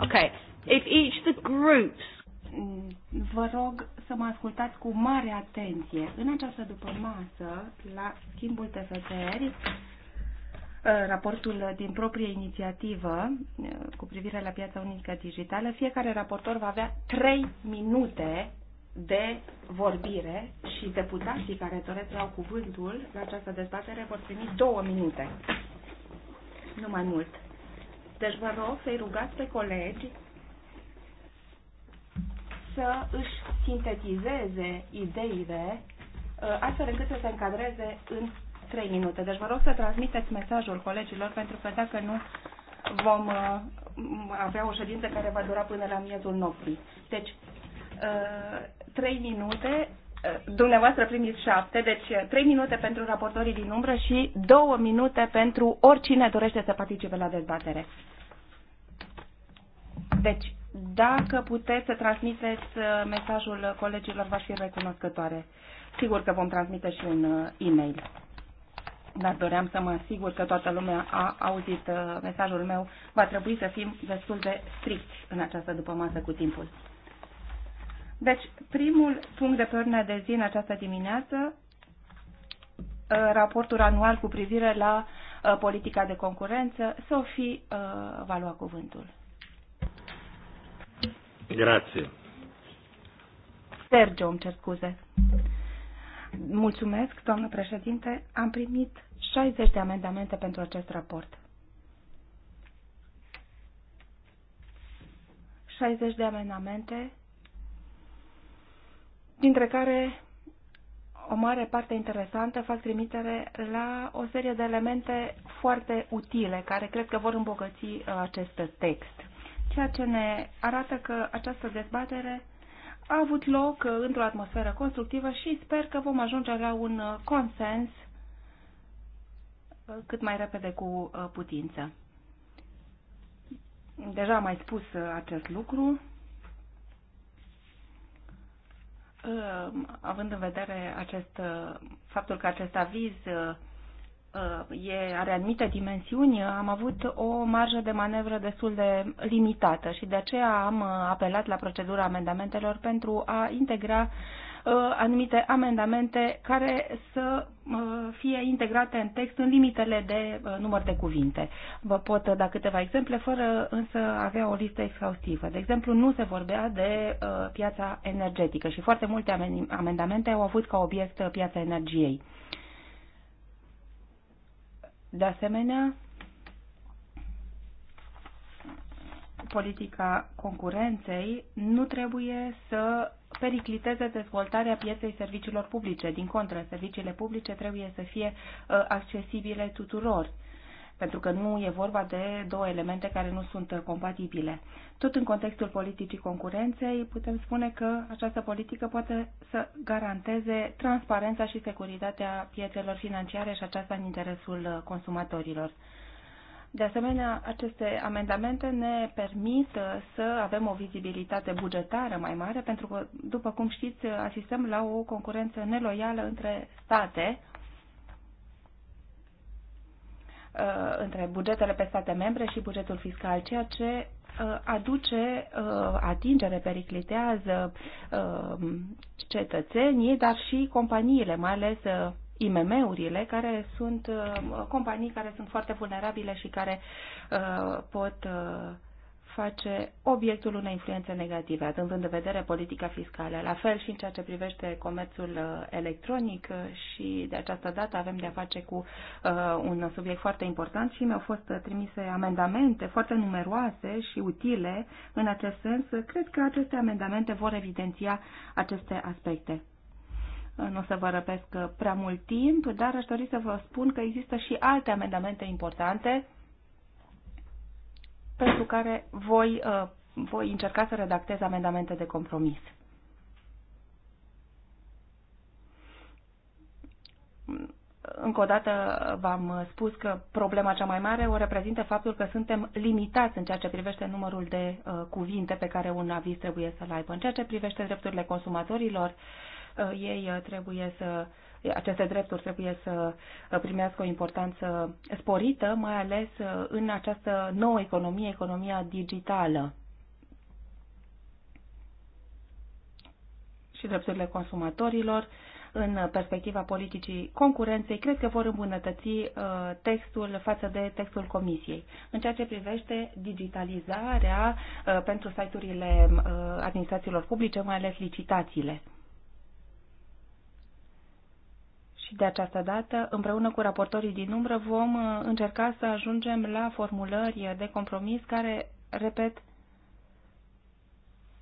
Okay. If each the groups Vă rog să mă ascultați cu mare atenție. În această dupămasă, la schimbul TFTR, eh, raportul din proprie inițiativă eh, cu privire la piața unică digitală, fiecare raportor va avea 3 minute de vorbire și deputații care doresc să cuvântul la această dezbatere vor primi 2 minute nu mai mult. Deci vă rog să-i rugați pe colegi să își sintetizeze ideile uh, astfel încât să se încadreze în 3 minute. Deci vă rog să transmiteți mesajul colegilor pentru că dacă nu vom uh, avea o ședință care va dura până la miezul nopții. Deci, 3 uh, minute dumneavoastră primiți șapte, deci eh, trei minute pentru raportorii din umbră și două minute pentru oricine dorește să participe la dezbatere. Deci, dacă puteți să transmiteți eh, mesajul colegilor, v-aș fi recunoscătoare. Sigur că vom transmite și un eh, e-mail. Dar doream să mă asigur că toată lumea a auzit mesajul meu. Va trebui să fim destul de stricți în această dupămasă cu timpul. Deci, primul punct de pe ordinea de zi în această dimineață, uh, raportul anual cu privire la uh, politica de concurență. Sofie uh, va lua cuvântul. Grație. Sergio, îmi cer scuze. Mulțumesc, doamnă președinte. Am primit 60 de amendamente pentru acest raport. 60 de amendamente dintre care o mare parte interesantă fac trimitere la o serie de elemente foarte utile care cred că vor îmbogăți uh, acest text. Ceea ce ne arată că această dezbatere a avut loc uh, într-o atmosferă constructivă și sper că vom ajunge la un uh, consens cât mai repede cu putință. Deja am mai spus acest lucru. Ehm, având în vedere acest, eh, faptul că acest aviz eh, e, are anumite dimensiuni, am avut o marjă de manevră destul de limitată și de aceea am eh, apelat la procedura amendamentelor pentru a integra uh, Uh, anumite amendamente care să uh, fie integrate în text în limitele de uh, număr de cuvinte. Vă pot da câteva exemple, fără însă avea o listă exhaustivă. De exemplu, nu se vorbea de piața energetică și foarte multe amendamente au avut ca obiect piața energiei. De asemenea, politica concurenței nu trebuie să pericliteze dezvoltarea pieței serviciilor publice. Din contră, serviciile publice trebuie să fie ă, accesibile tuturor pentru că nu e vorba de două elemente care nu sunt ă, compatibile. Tot în contextul politicii concurenței, putem spune că această politică poate să garanteze transparența și securitatea piețelor financiare și aceasta în interesul ă, consumatorilor. De asemenea, aceste amendamente ne permit uh, să avem o vizibilitate bugetară mai mare, pentru că, după cum știți, uh, asistăm la o concurență neloială între state, uh, între bugetele pe state membre și bugetul fiscal, ceea ce aduce atingere, periclitează cetățenii, dar și companiile, mai ales IMM-urile, care sunt uh, companii care sunt foarte vulnerabile și care uh, pot uh, face obiectul unei influențe negative, având în vedere politica fiscală. La fel și în ceea ce privește comerțul electronic și de această dată avem de-a face cu un subiect foarte important și mi-au fost trimise amendamente foarte numeroase și utile în acest sens. Cred că aceste amendamente vor evidenția aceste aspecte. Nu o să vă răpesc prea mult timp, dar aș dori să vă spun că există și alte amendamente importante pentru care voi, uh, voi încerca să redactez amendamente de compromis. Încă o dată v-am spus că problema cea mai mare o reprezintă faptul că suntem limitați în ceea ce privește numărul de uh, cuvinte pe care un aviz trebuie să-l aibă. În ceea ce privește drepturile consumatorilor, uh, Uh, ei uh, trebuie să aceste drepturi trebuie să uh, primească o importanță sporită, mai ales în această nouă economie, economia digitală. și drepturile consumatorilor în perspectiva politicii concurenței, cred că vor îmbunătăți textul față de textul Comisiei. În ceea ce privește digitalizarea pentru site-urile administrațiilor publice, mai ales licitațiile. Și de această dată, împreună cu raportorii din umbră, vom uh, încerca să ajungem la formulări de compromis care, repet,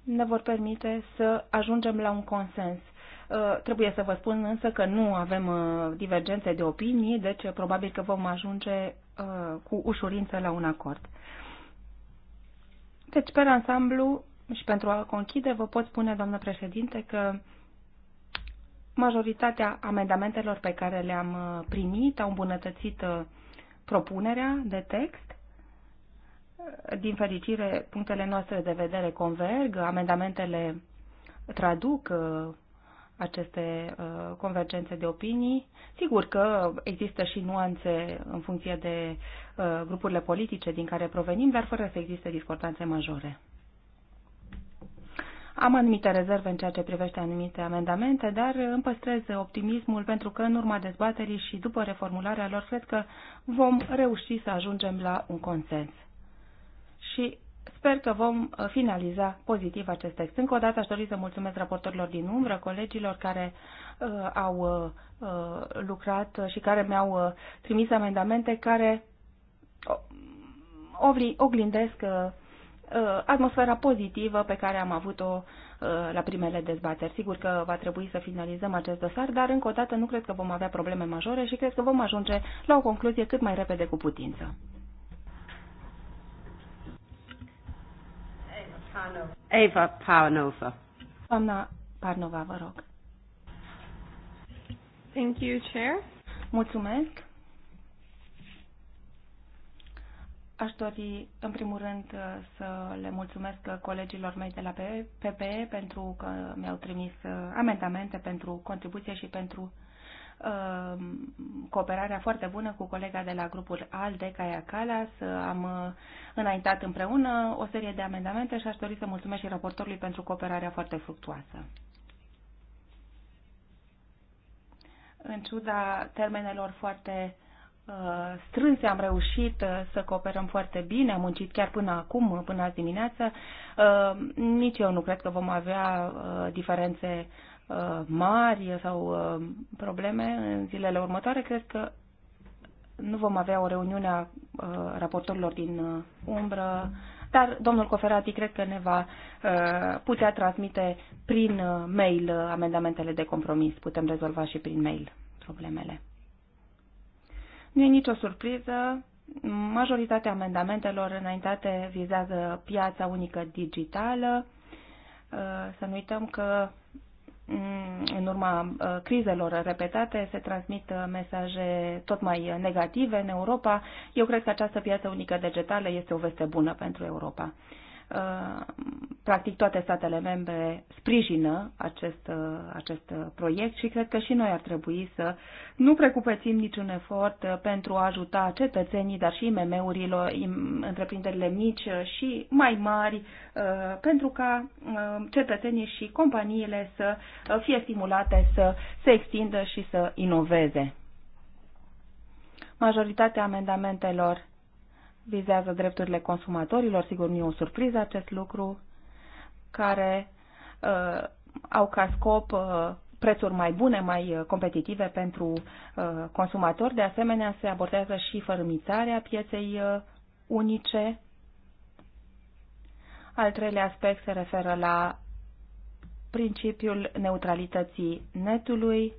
ne vor permite să ajungem la un consens. Uh, trebuie să vă spun însă că nu avem uh, divergențe de opinii, deci probabil că vom ajunge cu ușurință la un acord. Deci, pe ansamblu și pentru a conchide, vă pot spune, doamnă președinte, că Majoritatea amendamentelor pe care le-am uh, primit au îmbunătățit uh, propunerea de text. Uh, din fericire, punctele noastre de vedere converg, amendamentele traduc aceste convergențe de opinii. Sigur că există și nuanțe în funcție de grupurile politice din care provenim, dar fără să existe discordanțe majore. Am anumite rezerve în ceea ce privește anumite amendamente, dar uh, îmi păstrez optimismul pentru că în urma dezbaterii și după reformularea lor cred că vom reuși să ajungem la un consens. Și Sper că vom uh, finaliza pozitiv acest text. Încă o dată aș dori să mulțumesc raportorilor din umbră, colegilor care uh, au uh, uh lucrat și care mi-au uh, trimis amendamente care oglindesc uh, Uh, atmosfera pozitivă pe care am avut-o uh, la primele dezbateri. Sigur că va trebui să finalizăm acest dosar, dar încă o dată nu cred că vom avea probleme majore și cred că vom ajunge la o concluzie cât mai repede cu putință. Eva Parnova. Doamna Parnova, vă rog. Thank you, Chair. Mulțumesc. Aș dori, în primul rând, uh, să le mulțumesc uh, colegilor mei de la PPE pentru că mi-au trimis uh, amendamente pentru contribuție și pentru cooperarea foarte bună cu colega de la grupul ALDE, Caia Calas. Am înaintat împreună o serie de amendamente și aș dori să mulțumesc și raportorului pentru cooperarea foarte fructuoasă. În ciuda termenelor foarte uh, Uh, strânse, am reușit uh, să cooperăm foarte bine, am muncit chiar până acum, uh, până azi dimineață. Nici eu nu cred că vom avea diferențe mari sau probleme în zilele următoare. Cred că nu vom avea o reuniune a raportorilor din umbră, dar domnul Coferati cred că ne va putea transmite prin mail amendamentele de compromis. Putem rezolva și prin mail problemele. Nu e nicio surpriză, majoritatea amendamentelor înaintate vizează piața unică digitală. Uh, să nu uităm că mm, în urma uh, crizelor repetate se transmit uh, mesaje tot mai negative în Europa. Eu cred că această piață unică digitală este o veste bună pentru Europa. Uh, practic toate statele membre sprijină acest, uh, acest uh, proiect și cred că și noi ar trebui să nu precupețim niciun efort pentru a ajuta cetățenii, dar și mm urilor întreprinderile mici și mai mari, pentru ca cetățenii și companiile să fie stimulate să se extindă și să inoveze majoritatea amendamentelor vizează drepturile consumatorilor, sigur nu e o surpriză acest lucru, care uh, au ca scop uh, prețuri mai bune, mai uh, competitive pentru uh, consumatori. De asemenea, se abordează și fărâmițarea pieței uh, unice. Al treilea aspect se referă la principiul neutralității netului,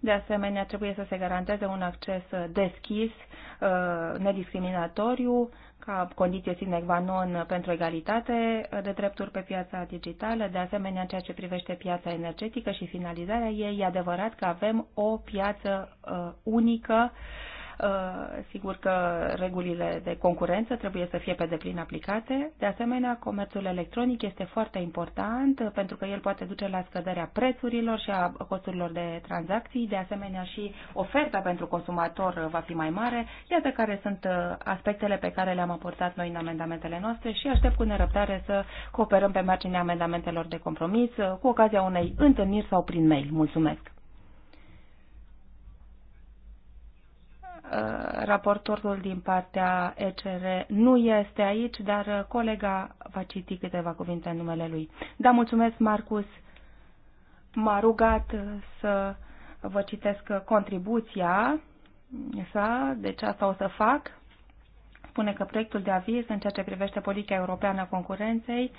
de asemenea, trebuie să se garanteze un acces uh, deschis, uh, nediscriminatoriu, ca condiție sine qua non pentru egalitate uh, de drepturi pe piața digitală. De asemenea, în ceea ce privește piața energetică și finalizarea ei, e adevărat că avem o piață unică Uh, sigur că regulile de concurență trebuie să fie pe deplin aplicate. De asemenea, comerțul electronic este foarte important uh, pentru că el poate duce la scăderea prețurilor și a costurilor de tranzacții. De asemenea, și oferta pentru consumator uh, va fi mai mare. Iată care sunt aspectele pe care le-am aportat noi în amendamentele noastre și aștept cu nerăbdare să cooperăm pe marginea amendamentelor de compromis cu ocazia unei întâlniri sau prin mail. Mulțumesc! Uh, raportorul din partea ECR nu este aici, dar uh, colega va citi câteva cuvinte în numele lui. Da, mulțumesc, Marcus. M-a rugat uh, să vă citesc contribuția sa, deci asta o să fac. Spune că proiectul de aviz în ceea ce privește politica europeană a concurenței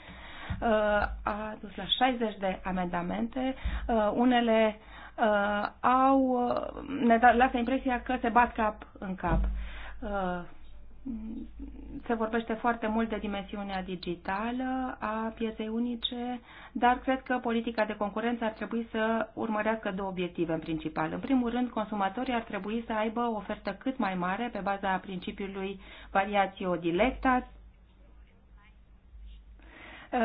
a dus la 60 de amendamente, unele uh, au, uh, ne da, lasă impresia că se bat cap în cap. Uh, se vorbește foarte mult de dimensiunea digitală a pieței unice, dar cred că politica de concurență ar trebui să urmărească două obiective în principal. În primul rând, consumatorii ar trebui să aibă o ofertă cât mai mare pe baza principiului variatio dilectat, Uh,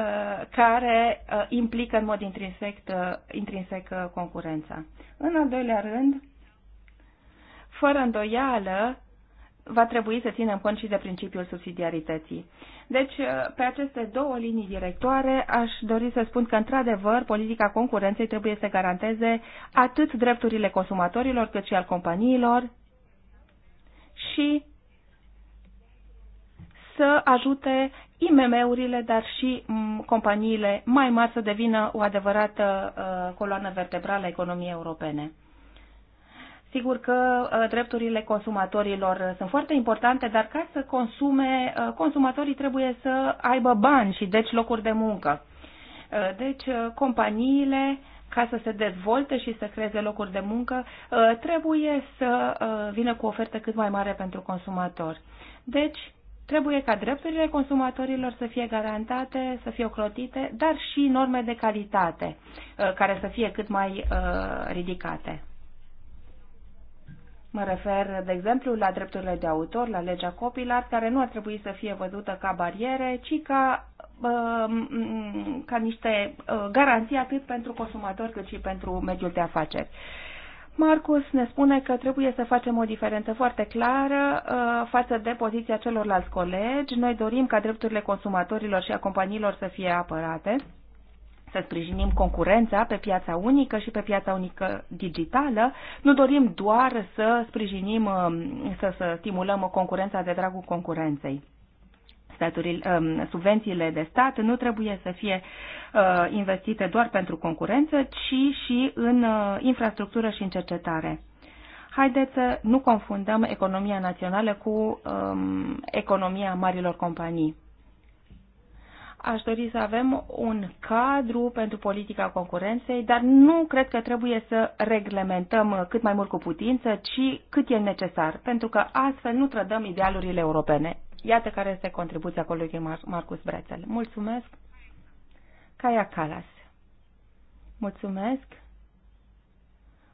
care uh, implică în mod intrinsec, uh, intrinsec concurența. În al doilea rând, fără îndoială, va trebui să ținem cont și de principiul subsidiarității. Deci, pe aceste două linii directoare, aș dori să spun că, într-adevăr, politica concurenței trebuie să garanteze atât drepturile consumatorilor, cât și al companiilor și să ajute IMM-urile, dar și companiile mai mari să devină o adevărată uh, coloană vertebrală a economiei europene. Sigur că uh, drepturile consumatorilor sunt foarte importante, dar ca să consume, uh, consumatorii trebuie să aibă bani și deci locuri de muncă. Deci companiile, ca să se dezvolte și să creeze locuri de muncă, trebuie să vină cu ofertă cât mai mare pentru consumatori. Deci, Trebuie ca drepturile consumatorilor să fie garantate, să fie ocrotite, dar și norme de calitate uh, care să fie cât mai uh, ridicate. Mă refer, de exemplu, la drepturile de autor, la legea copilor, care nu ar trebui să fie văzută ca bariere, ci ca, um, ca niște uh, garanții atât pentru consumator cât și pentru mediul de afaceri. Marcus ne spune că trebuie să facem o diferență foarte clară uh, față de poziția celorlalți colegi. Noi dorim ca drepturile consumatorilor și a companiilor să fie apărate, să sprijinim concurența pe piața unică și pe piața unică digitală. Nu dorim doar să sprijinim, um, să, să stimulăm concurența de dragul concurenței. Um, subvențiile de stat nu trebuie să fie uh, investite doar pentru concurență, ci și în uh, infrastructură și în cercetare. Haideți să nu confundăm economia națională cu um, economia marilor companii. Aș dori să avem un cadru pentru politica concurenței, dar nu cred că trebuie să reglementăm uh, cât mai mult cu putință, ci cât e necesar, pentru că astfel nu trădăm idealurile europene. Iată care este contribuția colegii Mar- Marcus Brețel. Mulțumesc. Caia Calas. Mulțumesc.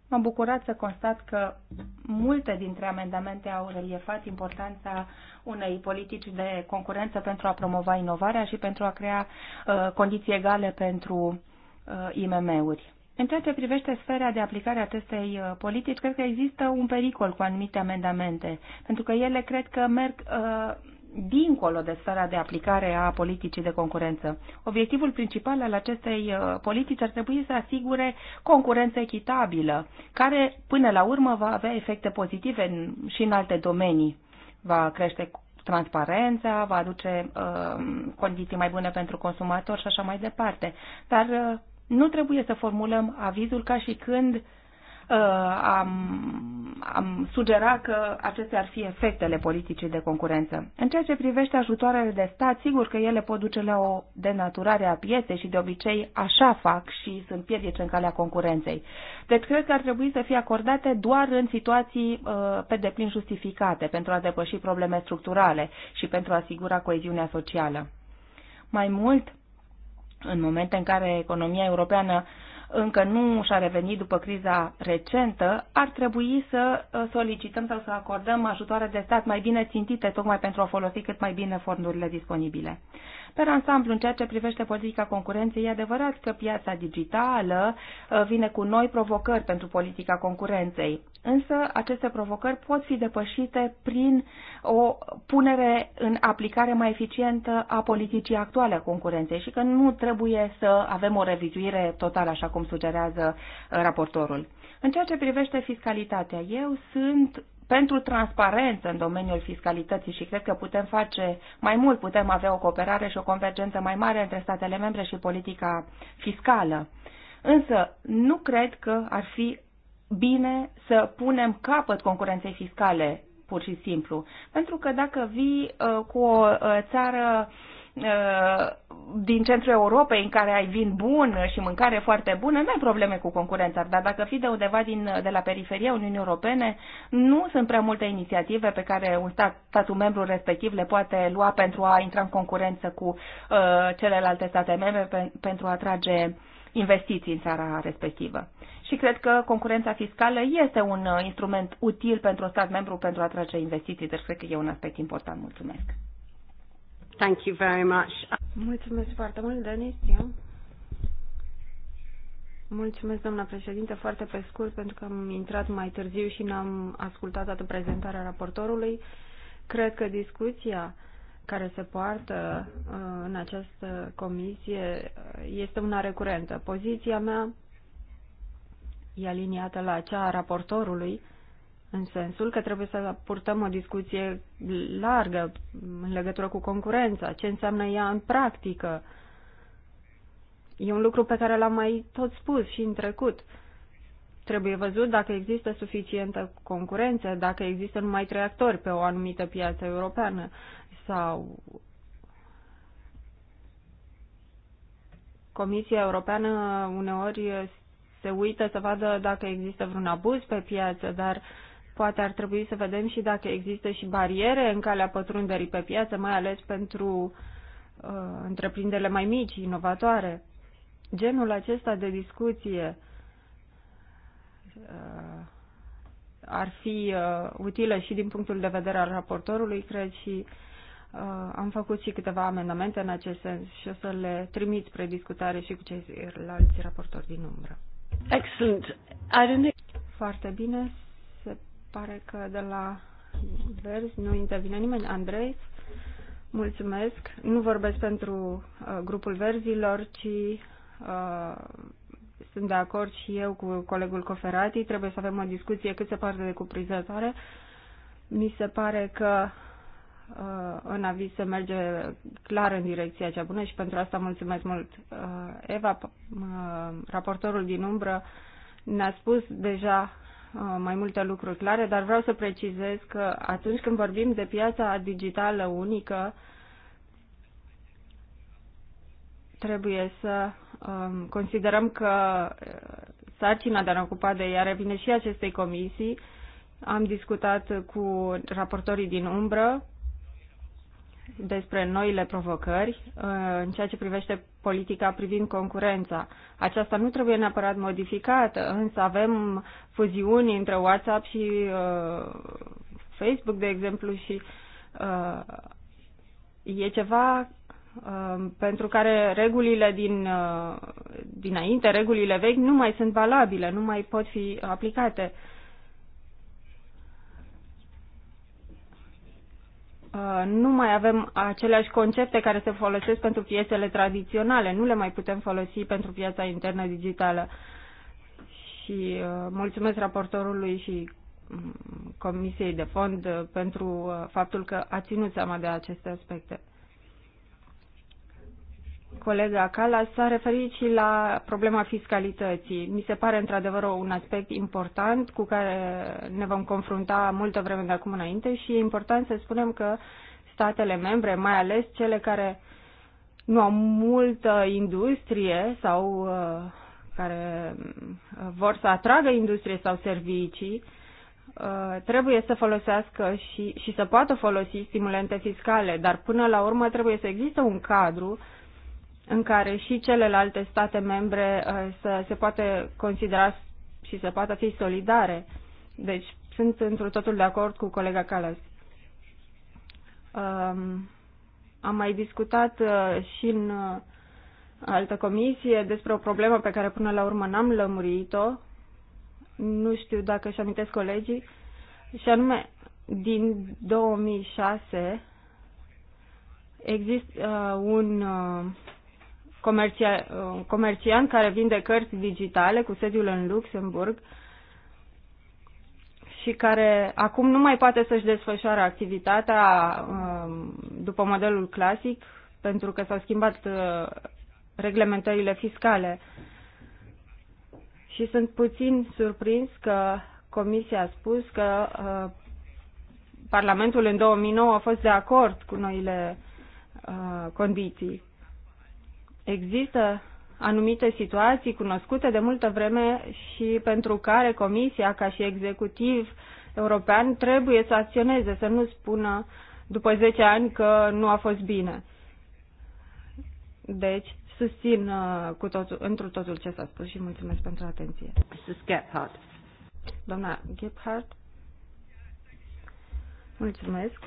M-am bucurat să constat că multe dintre amendamente au reliefat importanța unei politici de concurență pentru a promova inovarea și pentru a crea uh, condiții egale pentru uh, IMM-uri. În ceea ce privește sfera de aplicare a acestei uh, politici, cred că există un pericol cu anumite amendamente, pentru că ele cred că merg uh, dincolo de sfera de aplicare a politicii de concurență. Obiectivul principal al acestei uh, politici ar trebui să asigure concurență echitabilă, care până la urmă va avea efecte pozitive în, și în alte domenii. Va crește transparența, va aduce uh, condiții mai bune pentru consumator și așa mai departe. Dar uh, nu trebuie să formulăm avizul ca și când uh, Uh, am, am sugera că acestea ar fi efectele politicii de concurență. În ceea ce privește ajutoarele de stat, sigur că ele pot duce la o denaturare a pieței și de obicei așa fac și sunt piedici în calea concurenței. Deci cred că ar trebui să fie acordate doar în situații uh, pe deplin justificate pentru a depăși probleme structurale și pentru a asigura coeziunea socială. Mai mult, în momente în care economia europeană uh, încă nu și-a revenit după criza recentă, ar trebui să uh, solicităm sau să acordăm ajutoare de stat mai bine țintite, tocmai pentru a folosi cât mai bine fondurile disponibile. Per ansamblu, în ceea ce privește politica concurenței, e adevărat că piața digitală uh, vine cu noi provocări pentru politica concurenței. Însă, aceste provocări pot fi depășite prin o punere în aplicare mai eficientă a politicii actuale a concurenței și că nu trebuie să avem o revizuire totală, așa cum sugerează uh, raportorul. În ceea ce privește fiscalitatea, eu sunt pentru transparență în domeniul fiscalității și cred că putem face mai mult, putem avea o cooperare și o convergență mai mare între statele membre și politica fiscală. Însă, nu cred că ar fi bine să punem capăt concurenței fiscale, pur și simplu. Pentru că dacă vii uh, cu o uh, țară Uh, din centrul Europei în care ai vin bun și mâncare foarte bună, nu ai probleme cu concurența, dar dacă fii de undeva din, de la periferia Uniunii Europene, nu sunt prea multe inițiative pe care un stat, statul membru respectiv le poate lua pentru a intra în concurență cu uh, celelalte state membre pe, pentru a atrage investiții în țara respectivă. Și cred că concurența fiscală este un uh, instrument util pentru un stat membru pentru a atrage investiții, deci cred că e un aspect important. Mulțumesc! Thank you very much. Mulțumesc foarte mult, Denis. Mulțumesc, doamna președinte, foarte pe scurt, pentru că am intrat mai târziu și n-am ascultat toată prezentarea raportorului. Cred că discuția care se poartă uh, în această comisie uh, este una recurentă. Poziția mea e aliniată la cea a raportorului, în sensul că trebuie să purtăm o discuție largă în legătură cu concurența, ce înseamnă ea în practică. E un lucru pe care l-am mai tot spus și în trecut. Trebuie văzut dacă există suficientă concurență, dacă există numai trei actori pe o anumită piață europeană sau Comisia Europeană uneori se uită să vadă dacă există vreun abuz pe piață, dar uh, Poate ar trebui să vedem și dacă există și bariere în calea pătrunderii pe piață, mai ales pentru uh, întreprinderile mai mici, inovatoare. Genul acesta de discuție uh, ar fi uh, utilă și din punctul de vedere al raportorului, cred, și uh, am făcut și câteva amendamente în acest sens și o să le trimit spre discutare și cu ceilalți raportori din umbră. Excellent. I don't think... Foarte bine pare că de la Verzi nu intervine nimeni. Andrei, mulțumesc. Nu vorbesc pentru uh, grupul Verzilor, ci uh, sunt de acord și eu cu colegul Coferati. Trebuie să avem o discuție cât se poate de cuprizătoare. Mi se pare că uh, în aviz se merge clar în direcția cea bună și pentru asta mulțumesc mult. Uh, Eva, uh, raportorul din umbră, ne-a spus deja Uh, mai multe lucruri clare, dar vreau să precizez că atunci când vorbim de piața digitală unică, trebuie să um, considerăm că uh, sarcina de a ne ocupa de ea revine și acestei comisii. Am discutat cu raportorii din umbră despre noile provocări uh, în ceea ce privește politica privind concurența. Aceasta nu trebuie neapărat modificată, însă avem fuziuni între WhatsApp și uh, Facebook, de exemplu, și uh, e ceva uh, pentru care regulile din, uh, dinainte, regulile vechi, nu mai sunt valabile, nu mai pot fi aplicate. Uh, nu mai avem aceleași concepte care se folosesc pentru piețele tradiționale, nu le mai putem folosi pentru piața internă digitală. Și uh, mulțumesc raportorului și mm, Comisiei de Fond uh, pentru faptul că a ținut seama de aceste aspecte. Colega Cala s-a referit și la problema fiscalității. Mi se pare într-adevăr un aspect important cu care ne vom confrunta multă vreme de acum înainte și e important să spunem că statele membre, mai ales cele care nu au multă industrie sau uh, care uh, vor să atragă industrie sau servicii, uh, trebuie să folosească și, și să poată folosi stimulente fiscale, dar până la urmă trebuie să există un cadru uh, în care și celelalte state membre uh, să se poate considera și să poată fi solidare. Deci sunt într totul de acord cu colega Calas. Um, am mai discutat uh, și în uh, altă comisie despre o problemă pe care până la urmă n-am lămurit-o. Nu știu dacă își amintesc colegii. Și anume, din 2006 există uh, un uh, comerția, comerciant care vinde cărți digitale cu sediul în Luxemburg și care acum nu mai poate să-și desfășoare activitatea um, după modelul clasic pentru că s-au schimbat uh, reglementările fiscale. Și sunt puțin surprins că Comisia a spus că uh, Parlamentul în 2009 a fost de acord cu noile uh, condiții. Există anumite situații cunoscute de multă vreme și pentru care Comisia, ca și executiv european, trebuie să acționeze, să nu spună după 10 ani că nu a fost bine. Deci, susțin uh, cu totul, întru totul ce s-a spus și mulțumesc pentru atenție. Mrs. Gephardt. Doamna Gephardt. Mulțumesc.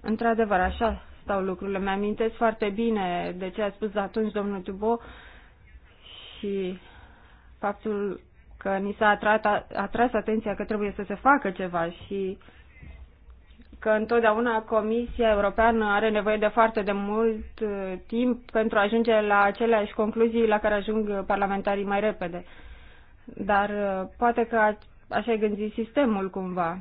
Într-adevăr, așa stau lucrurile. Mi-amintesc foarte bine de ce a spus atunci domnul Tubo și faptul că ni s-a atras atenția că trebuie să se facă ceva și că întotdeauna Comisia Europeană are nevoie de foarte de mult uh, timp pentru a ajunge la aceleași concluzii la care ajung parlamentarii mai repede. Dar uh, poate că așa e gândit sistemul cumva.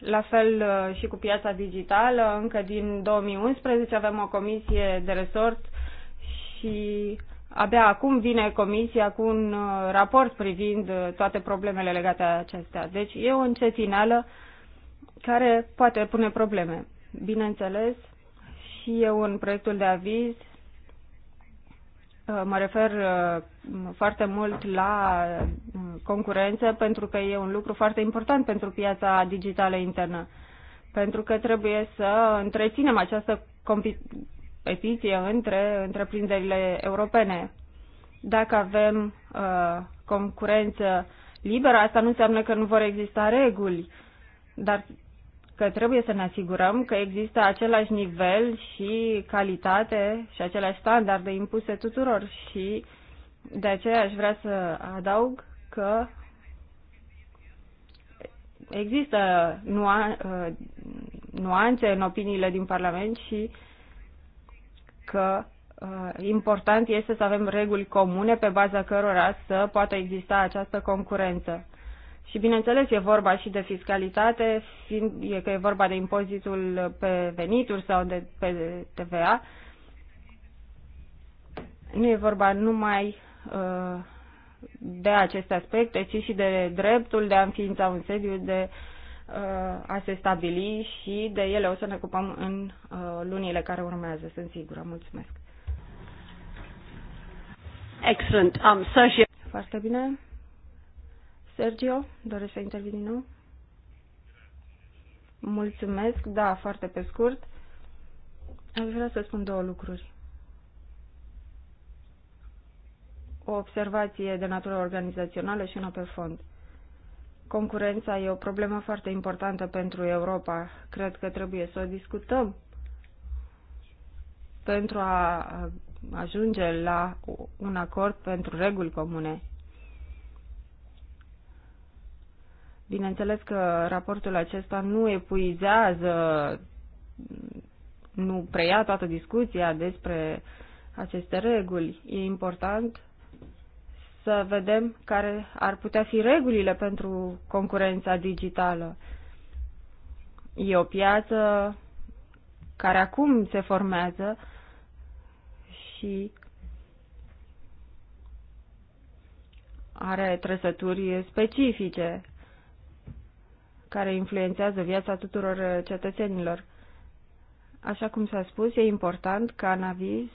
La fel uh, și cu piața digitală, încă din 2011 avem o comisie de resort și abia acum vine comisia cu un uh, raport privind uh, toate problemele legate de acestea. Deci e o încetineală care poate pune probleme. Bineînțeles, și eu în proiectul de aviz Uh, mă refer uh, foarte mult la uh, concurență pentru că e un lucru foarte important pentru piața digitală internă. Pentru că trebuie să întreținem această competiție între întreprinderile europene. Dacă avem uh, concurență liberă, asta nu înseamnă că nu vor exista reguli, dar că trebuie să ne asigurăm că există același nivel și calitate și aceleași standarde impuse tuturor și de aceea aș vrea să adaug că există ă, nuanțe în opiniile din Parlament și că ă, important este să avem reguli comune pe baza cărora să poată exista această concurență. Și bineînțeles e vorba și de fiscalitate, e că e vorba de impozitul pe venituri sau de pe TVA. Nu e vorba numai uh, de aceste aspecte, ci și de dreptul de a înființa un sediu, de uh, a se stabili și de ele o să ne ocupăm în uh, lunile care urmează, sunt sigură. Mulțumesc! Excellent. Um, she... Foarte bine. Sergio, dorești să intervii din nou? Mulțumesc, da, foarte pe scurt. Aș vrea să spun două lucruri. O observație de natură organizațională și una pe fond. Concurența e o problemă foarte importantă pentru Europa. Cred că trebuie să o discutăm pentru a ajunge la un acord pentru reguli comune Bineînțeles că raportul acesta nu epuizează, nu preia toată discuția despre aceste reguli. E important să vedem care ar putea fi regulile pentru concurența digitală. E o piață care acum se formează și are trăsături specifice care influențează viața tuturor uh, cetățenilor. Așa cum s-a spus, e important ca în aviz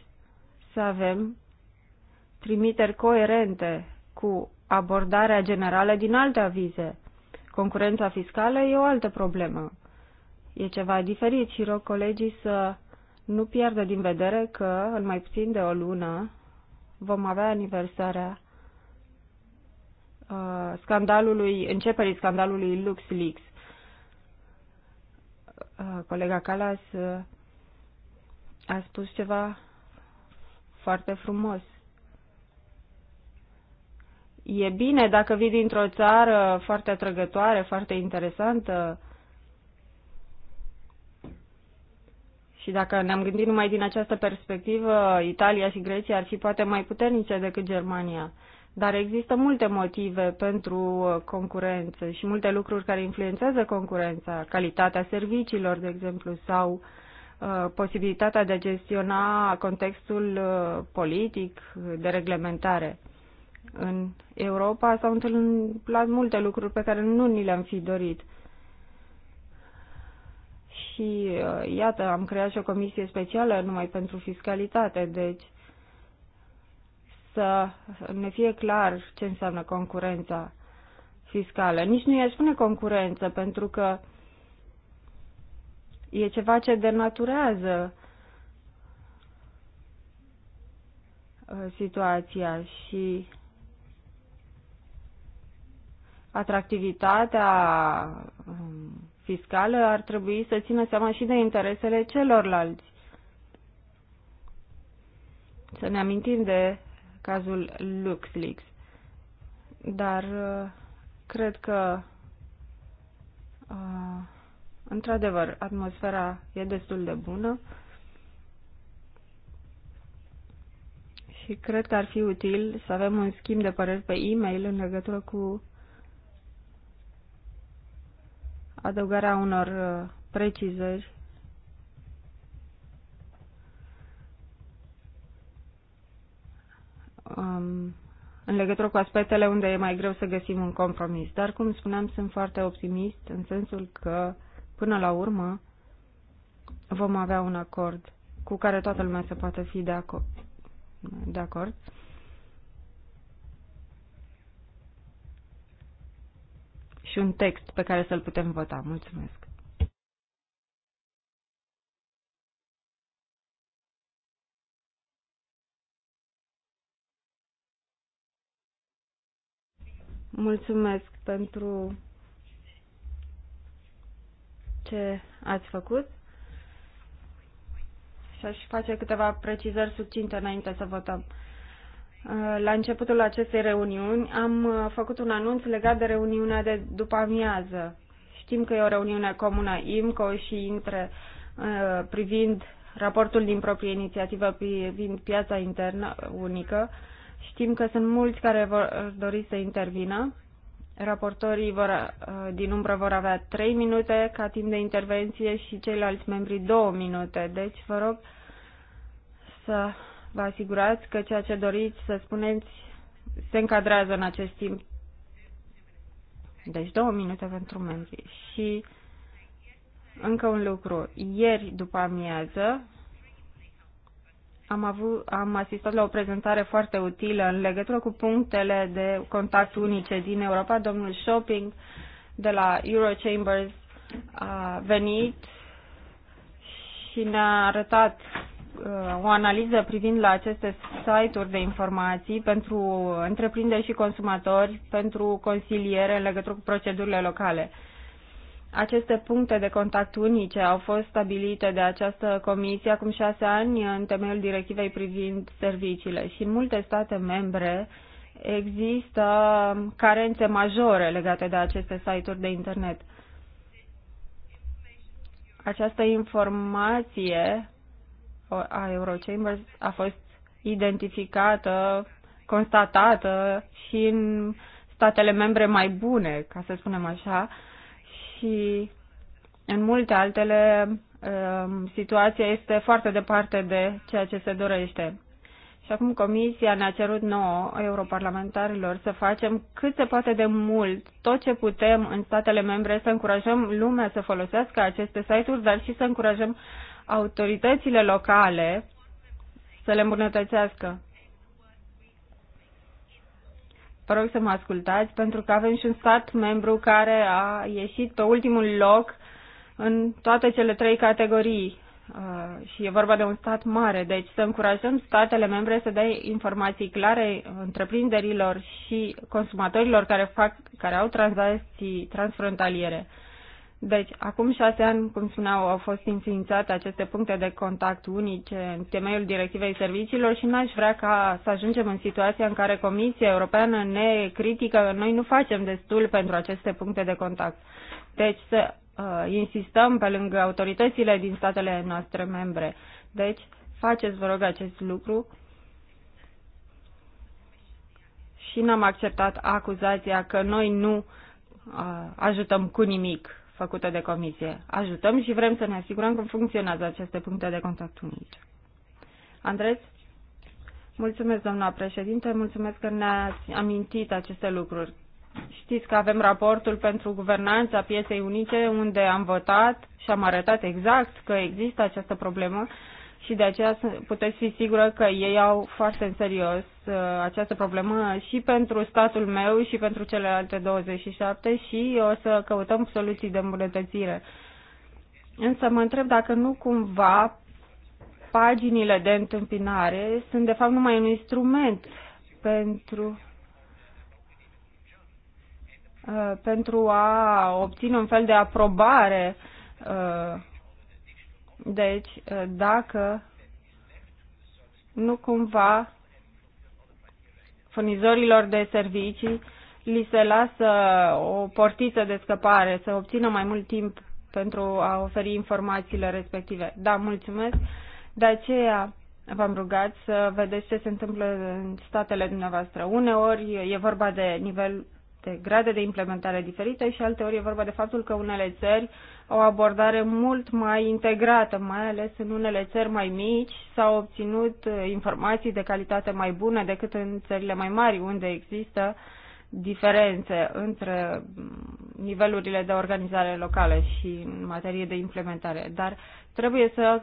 să avem trimiteri coerente cu abordarea generală din alte avize. Concurența fiscală e o altă problemă. E ceva diferit și rog colegii să nu pierdă din vedere că în mai puțin de o lună vom avea aniversarea Uh, scandalului, începerii scandalului LuxLeaks. Uh, colega Calas uh, a spus ceva foarte frumos. E bine dacă vii dintr-o țară foarte atrăgătoare, foarte interesantă, Și dacă ne-am gândit numai din această perspectivă, Italia și Grecia ar fi poate mai puternice decât Germania. Dar există multe motive pentru concurență și multe lucruri care influențează concurența, calitatea serviciilor, de exemplu, sau uh, posibilitatea de a gestiona contextul uh, politic de reglementare. În Europa s-au întâmplat multe lucruri pe care nu ni le-am fi dorit și uh, iată, am creat și o comisie specială numai pentru fiscalitate, deci să ne fie clar ce înseamnă concurența fiscală. Nici nu i-aș spune concurență, pentru că e ceva ce denaturează uh, situația și atractivitatea um, fiscală ar trebui să țină seama și de interesele celorlalți. Să ne amintim de cazul LuxLeaks. Dar uh, cred că, uh, într-adevăr, atmosfera e destul de bună și cred că ar fi util să avem un schimb de păreri pe e-mail în legătură cu adăugarea unor uh, precizări um, în legătură cu aspectele unde e mai greu să găsim un compromis. Dar, cum spuneam, sunt foarte optimist în sensul că, până la urmă, vom avea un acord cu care toată lumea se poate fi de, aco- de acord. Și un text pe care să-l putem vota. Mulțumesc! Mulțumesc pentru ce ați făcut și aș face câteva precizări subținte înainte să votăm. Uh, la începutul acestei reuniuni am uh, făcut un anunț legat de reuniunea de după amiază. Știm că e o reuniune comună IMCO și INTRE uh, privind raportul din proprie inițiativă privind piața internă unică Știm că sunt mulți care vor dori să intervină. Raportorii vor, uh, din umbră vor avea 3 minute ca timp de intervenție și ceilalți membri 2 minute. Deci vă rog să vă asigurați că ceea ce doriți să spuneți se încadrează în acest timp. Deci două minute pentru membri. Și încă un lucru. Ieri după amiază am, avut, am asistat la o prezentare foarte utilă în legătură cu punctele de contact unice din Europa. Domnul Shopping de la Eurochambers a venit și ne-a arătat uh, o analiză privind la aceste site-uri de informații pentru întreprinderi și consumatori, pentru consiliere în legătură cu procedurile locale. Aceste puncte de contact unice au fost stabilite de această comisie acum șase ani în temeiul directivei privind serviciile și în multe state membre există carențe majore legate de aceste site-uri de internet. Această informație a Eurochambers a fost identificată, constatată și în statele membre mai bune, ca să spunem așa, și în multe altele um, situația este foarte departe de ceea ce se dorește. Și acum Comisia ne-a cerut nouă europarlamentarilor să facem cât se poate de mult tot ce putem în statele membre să încurajăm lumea să folosească aceste site-uri, dar și să încurajăm autoritățile locale să le îmbunătățească. Vă rog să mă ascultați, pentru că avem și un stat membru care a ieșit pe ultimul loc în toate cele trei categorii uh, și e vorba de un stat mare, deci să încurajăm statele membre să dea informații clare întreprinderilor și consumatorilor care, fac, care au tranzacții transfrontaliere. Deci, acum șase ani, cum spuneau, au fost înființate aceste puncte de contact unice în temeiul directivei serviciilor și n-aș vrea ca să ajungem în situația în care Comisia Europeană ne critică că noi nu facem destul pentru aceste puncte de contact. Deci să uh, insistăm pe lângă autoritățile din statele noastre membre. Deci, faceți, vă rog, acest lucru și n-am acceptat acuzația că noi nu uh, ajutăm cu nimic făcută de comisie. Ajutăm și vrem să ne asigurăm cum funcționează aceste puncte de contact unice. Andres? Mulțumesc, doamna președinte, mulțumesc că ne-ați amintit aceste lucruri. Știți că avem raportul pentru guvernanța pieței unice, unde am votat și am arătat exact că există această problemă și de aceea puteți fi sigură că ei au foarte în serios uh, această problemă și pentru statul meu și pentru celelalte 27 și o să căutăm soluții de îmbunătățire. Însă mă întreb dacă nu cumva paginile de întâmpinare sunt de fapt numai un instrument pentru uh, pentru a obține un fel de aprobare uh, deci, ă, dacă nu cumva furnizorilor de servicii li se lasă o portiță de scăpare, să obțină mai mult timp pentru a oferi informațiile respective. Da, mulțumesc. De aceea v-am rugat să vedeți ce se întâmplă în statele dumneavoastră. Uneori e vorba de nivel de grade de implementare diferite și alteori e vorba de faptul că unele țări au o abordare mult mai integrată, mai ales în unele țări mai mici s-au obținut uh, informații de calitate mai bună decât în țările mai mari, unde există diferențe între mm, nivelurile de organizare locală și în materie de implementare. Dar trebuie să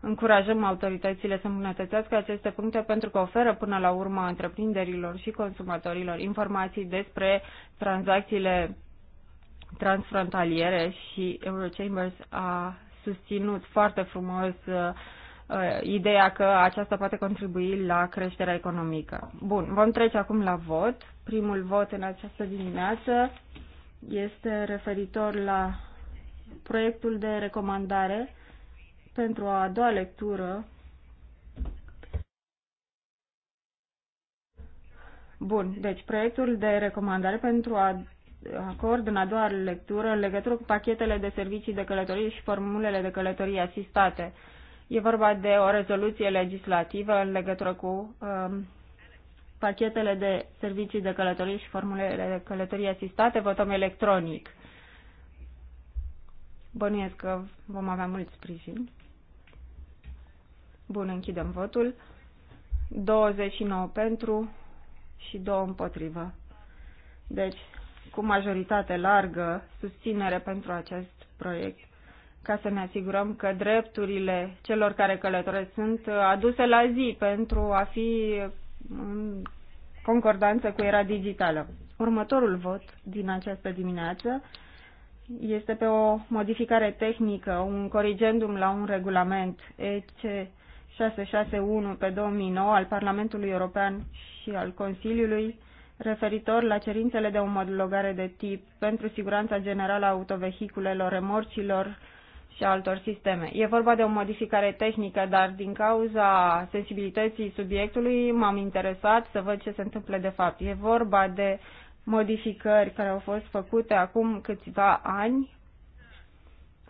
încurajăm autoritățile să îmbunătățească aceste puncte pentru că oferă până la urmă întreprinderilor și consumatorilor informații despre tranzacțiile transfrontaliere și Eurochambers a susținut foarte frumos uh, uh ideea că aceasta poate contribui la creșterea economică. Bun, vom trece acum la vot. Primul vot în această dimineață este referitor la proiectul de recomandare pentru a doua lectură. Bun, deci proiectul de recomandare pentru a acord în a doua lectură în legătură cu pachetele de servicii de călătorie și formulele de călătorie asistate. E vorba de o rezoluție legislativă în legătură cu um, pachetele de servicii de călătorie și formulele de călătorie asistate, votăm electronic. Bănuiesc că vom avea mult sprijin. Bun, închidem votul. 29 pentru și 2 împotrivă. Deci, cu majoritate largă, susținere pentru acest proiect ca să ne asigurăm că drepturile celor care călătoresc sunt uh, aduse la zi pentru a fi în concordanță cu era digitală. Următorul vot din această dimineață este pe o modificare tehnică, un corigendum la un regulament EC 661 pe 2009 al Parlamentului European și al Consiliului referitor la cerințele de omologare de tip pentru siguranța generală a autovehiculelor, remorcilor și altor sisteme. E vorba de o modificare tehnică, dar din cauza sensibilității subiectului m-am interesat să văd ce se întâmplă de fapt. E vorba de modificări care au fost făcute acum câțiva ani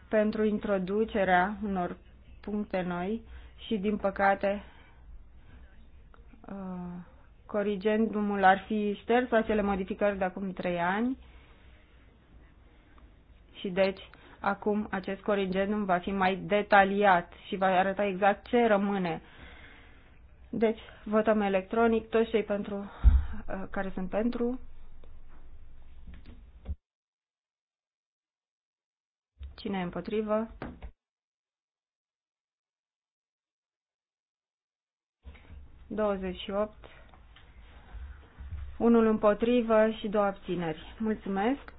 pentru introducerea unor puncte noi și din păcate uh, corigendumul ar fi șters acele modificări de acum trei ani și deci acum acest corigendum va fi mai detaliat și va arăta exact ce rămâne. Deci votăm electronic toți cei pentru, uh, care sunt pentru. Cine e împotrivă? 28, unul împotrivă și două abțineri. Mulțumesc!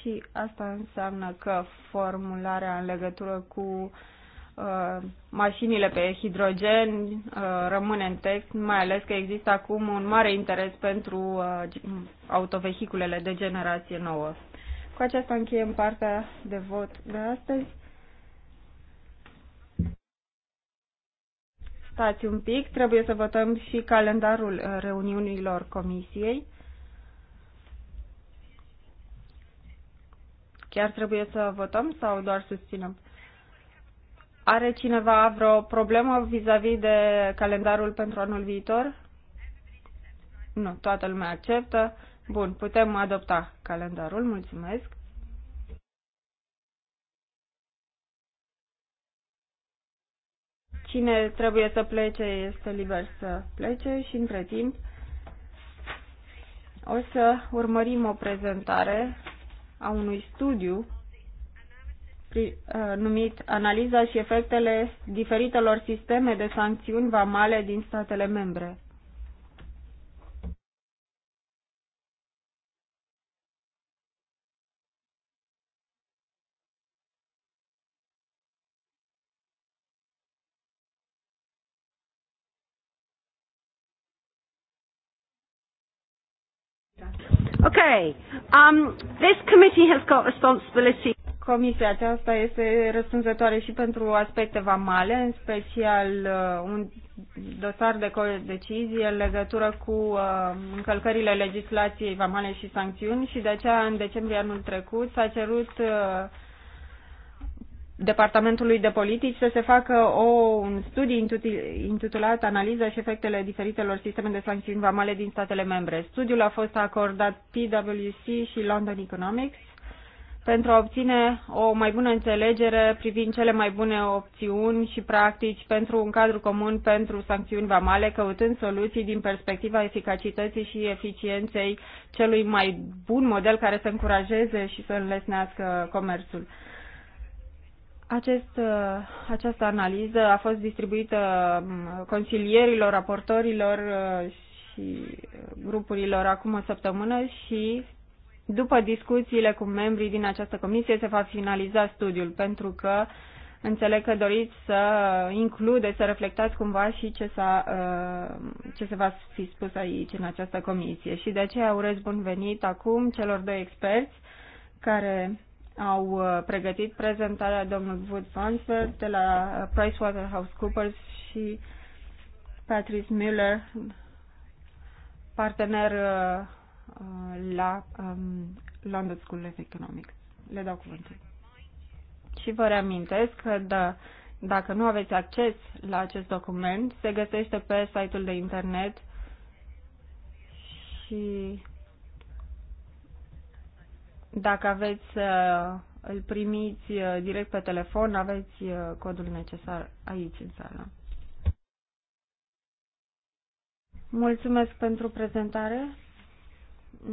Și asta înseamnă că formularea în legătură cu uh, mașinile pe hidrogen uh, rămâne în text, mai ales că există acum un mare interes pentru uh, autovehiculele de generație nouă. Cu aceasta încheiem partea de vot de astăzi. Stați un pic, trebuie să votăm și calendarul uh, reuniunilor comisiei. Chiar trebuie să votăm sau doar susținem? Are cineva vreo problemă vis-a-vis -vis de calendarul pentru anul viitor? Nu, toată lumea acceptă. Bun, putem adopta calendarul, mulțumesc. Cine trebuie să plece este liber să plece și între timp o să urmărim o prezentare a unui studiu uh, numit Analiza și efectele diferitelor sisteme de sancțiuni vamale din statele membre. Okay. Um, this committee has got responsibility. Comisia aceasta este răspunzătoare și pentru aspecte vamale, în special uh, un dosar de decizie în legătură cu uh, încălcările legislației vamale și sancțiuni și de aceea în decembrie anul trecut s-a cerut uh, Departamentului de Politici să se facă o, un studiu intitulat Analiza și efectele diferitelor sisteme de sancțiuni vamale din statele membre. Studiul a fost acordat PwC și London Economics pentru a obține o mai bună înțelegere privind cele mai bune opțiuni și practici pentru un cadru comun pentru sancțiuni vamale, căutând soluții din perspectiva eficacității și eficienței celui mai bun model care să încurajeze și să înlesnească comerțul. Acest, uh, această analiză a fost distribuită mm, consilierilor, raportorilor uh, și grupurilor acum o săptămână și după discuțiile cu membrii din această comisie se va finaliza studiul pentru că înțeleg că doriți să include, să reflectați cumva și ce, s-a, uh, ce se va fi spus aici în această comisie. Și de aceea urez bun venit acum celor doi experți care au uh, pregătit prezentarea domnul Wood Fansford de la uh, PricewaterhouseCoopers și Patrice Müller, partener uh, la um, London School of Economics. Le dau cuvântul. Și vă reamintesc că da, dacă nu aveți acces la acest document, se găsește pe site-ul de internet și dacă aveți să uh, îl primiți uh, direct pe telefon, aveți uh, codul necesar aici în sală. Mulțumesc pentru prezentare.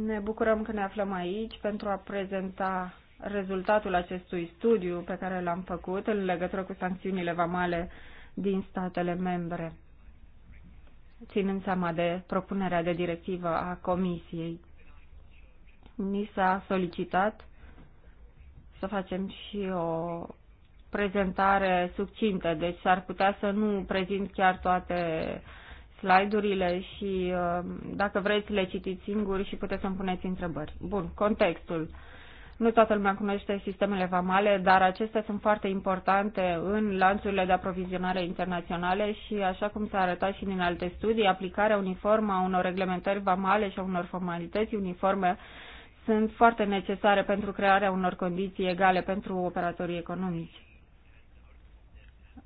Ne bucurăm că ne aflăm aici pentru a prezenta rezultatul acestui studiu pe care l-am făcut în legătură cu sancțiunile vamale din statele membre, ținând seama de propunerea de directivă a Comisiei ni s-a solicitat să facem și o prezentare succintă, deci s-ar putea să nu prezint chiar toate slide-urile și uh, dacă vreți le citiți singuri și puteți să-mi puneți întrebări. Bun, contextul. Nu toată lumea cunoaște sistemele vamale, dar acestea sunt foarte importante în lanțurile de aprovizionare internaționale și, așa cum s-a arătat și din alte studii, aplicarea uniformă a unor reglementări vamale și a unor formalități uniforme sunt foarte necesare pentru crearea unor condiții egale pentru operatorii economici.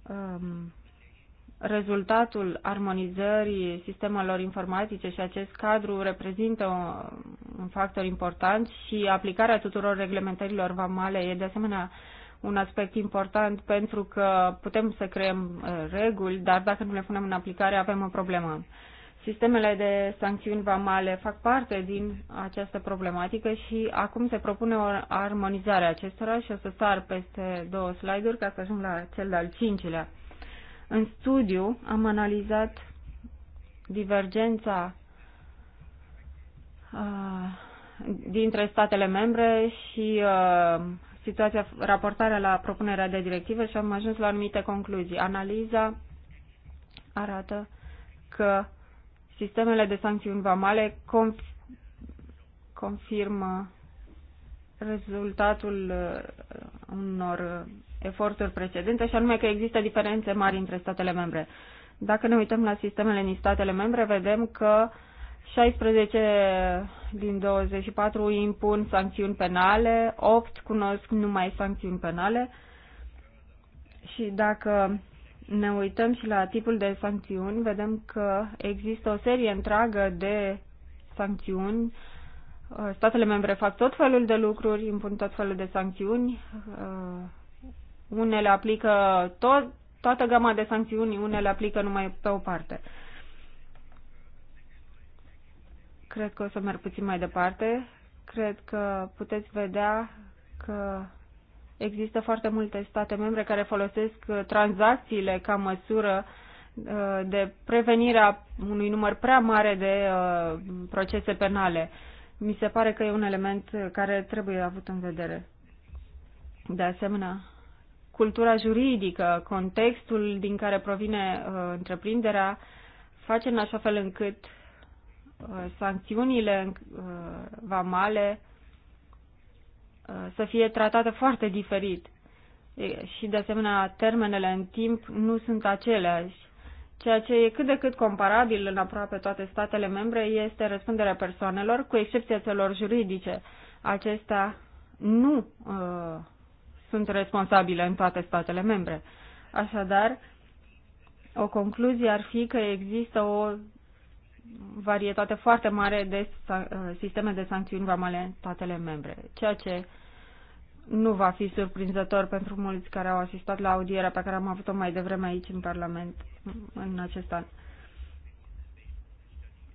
Um, rezultatul armonizării sistemelor informatice și acest cadru reprezintă un factor important și aplicarea tuturor reglementărilor vamale e de asemenea un aspect important pentru că putem să creăm uh, reguli, dar dacă nu le punem în aplicare avem o problemă. Sistemele de sancțiuni vamale fac parte din această problematică și acum se propune o armonizare a acestora și o să sar peste două slide-uri ca să ajung la cel de-al cincilea. În studiu am analizat divergența dintre statele membre și situația, raportarea la propunerea de directivă și am ajuns la anumite concluzii. Analiza arată că Sistemele de sancțiuni vamale conf- confirmă rezultatul uh, unor uh, eforturi precedente și anume că există diferențe mari între statele membre. Dacă ne uităm la sistemele din statele membre, vedem că 16 din 24 impun sancțiuni penale, 8 cunosc numai sancțiuni penale și dacă ne uităm și la tipul de sancțiuni, vedem că există o serie întreagă de sancțiuni. Uh, statele membre fac tot felul de lucruri, impun tot felul de sancțiuni. Uh, unele aplică tot, toată gama de sancțiuni, unele aplică numai pe o parte. Cred că o să merg puțin mai departe. Cred că puteți vedea că Există foarte multe state membre care folosesc uh, tranzacțiile ca măsură uh, de prevenire a unui număr prea mare de uh, procese penale. Mi se pare că e un element care trebuie avut în vedere. De asemenea, cultura juridică, contextul din care provine întreprinderea, face în așa fel încât sancțiunile vamale Uh, să fie tratată foarte diferit. Și, de asemenea, termenele în timp nu sunt aceleași. Ceea ce e cât de cât comparabil în aproape toate statele membre este răspunderea persoanelor, cu excepția celor juridice. Acestea nu uh, sunt responsabile în toate statele membre. Așadar, o concluzie ar fi că există o varietate foarte mare de uh, sisteme de sancțiuni vamale în statele membre, ceea ce nu va fi surprinzător pentru mulți care au asistat la audierea pe care am avut-o mai devreme aici în Parlament în acest an.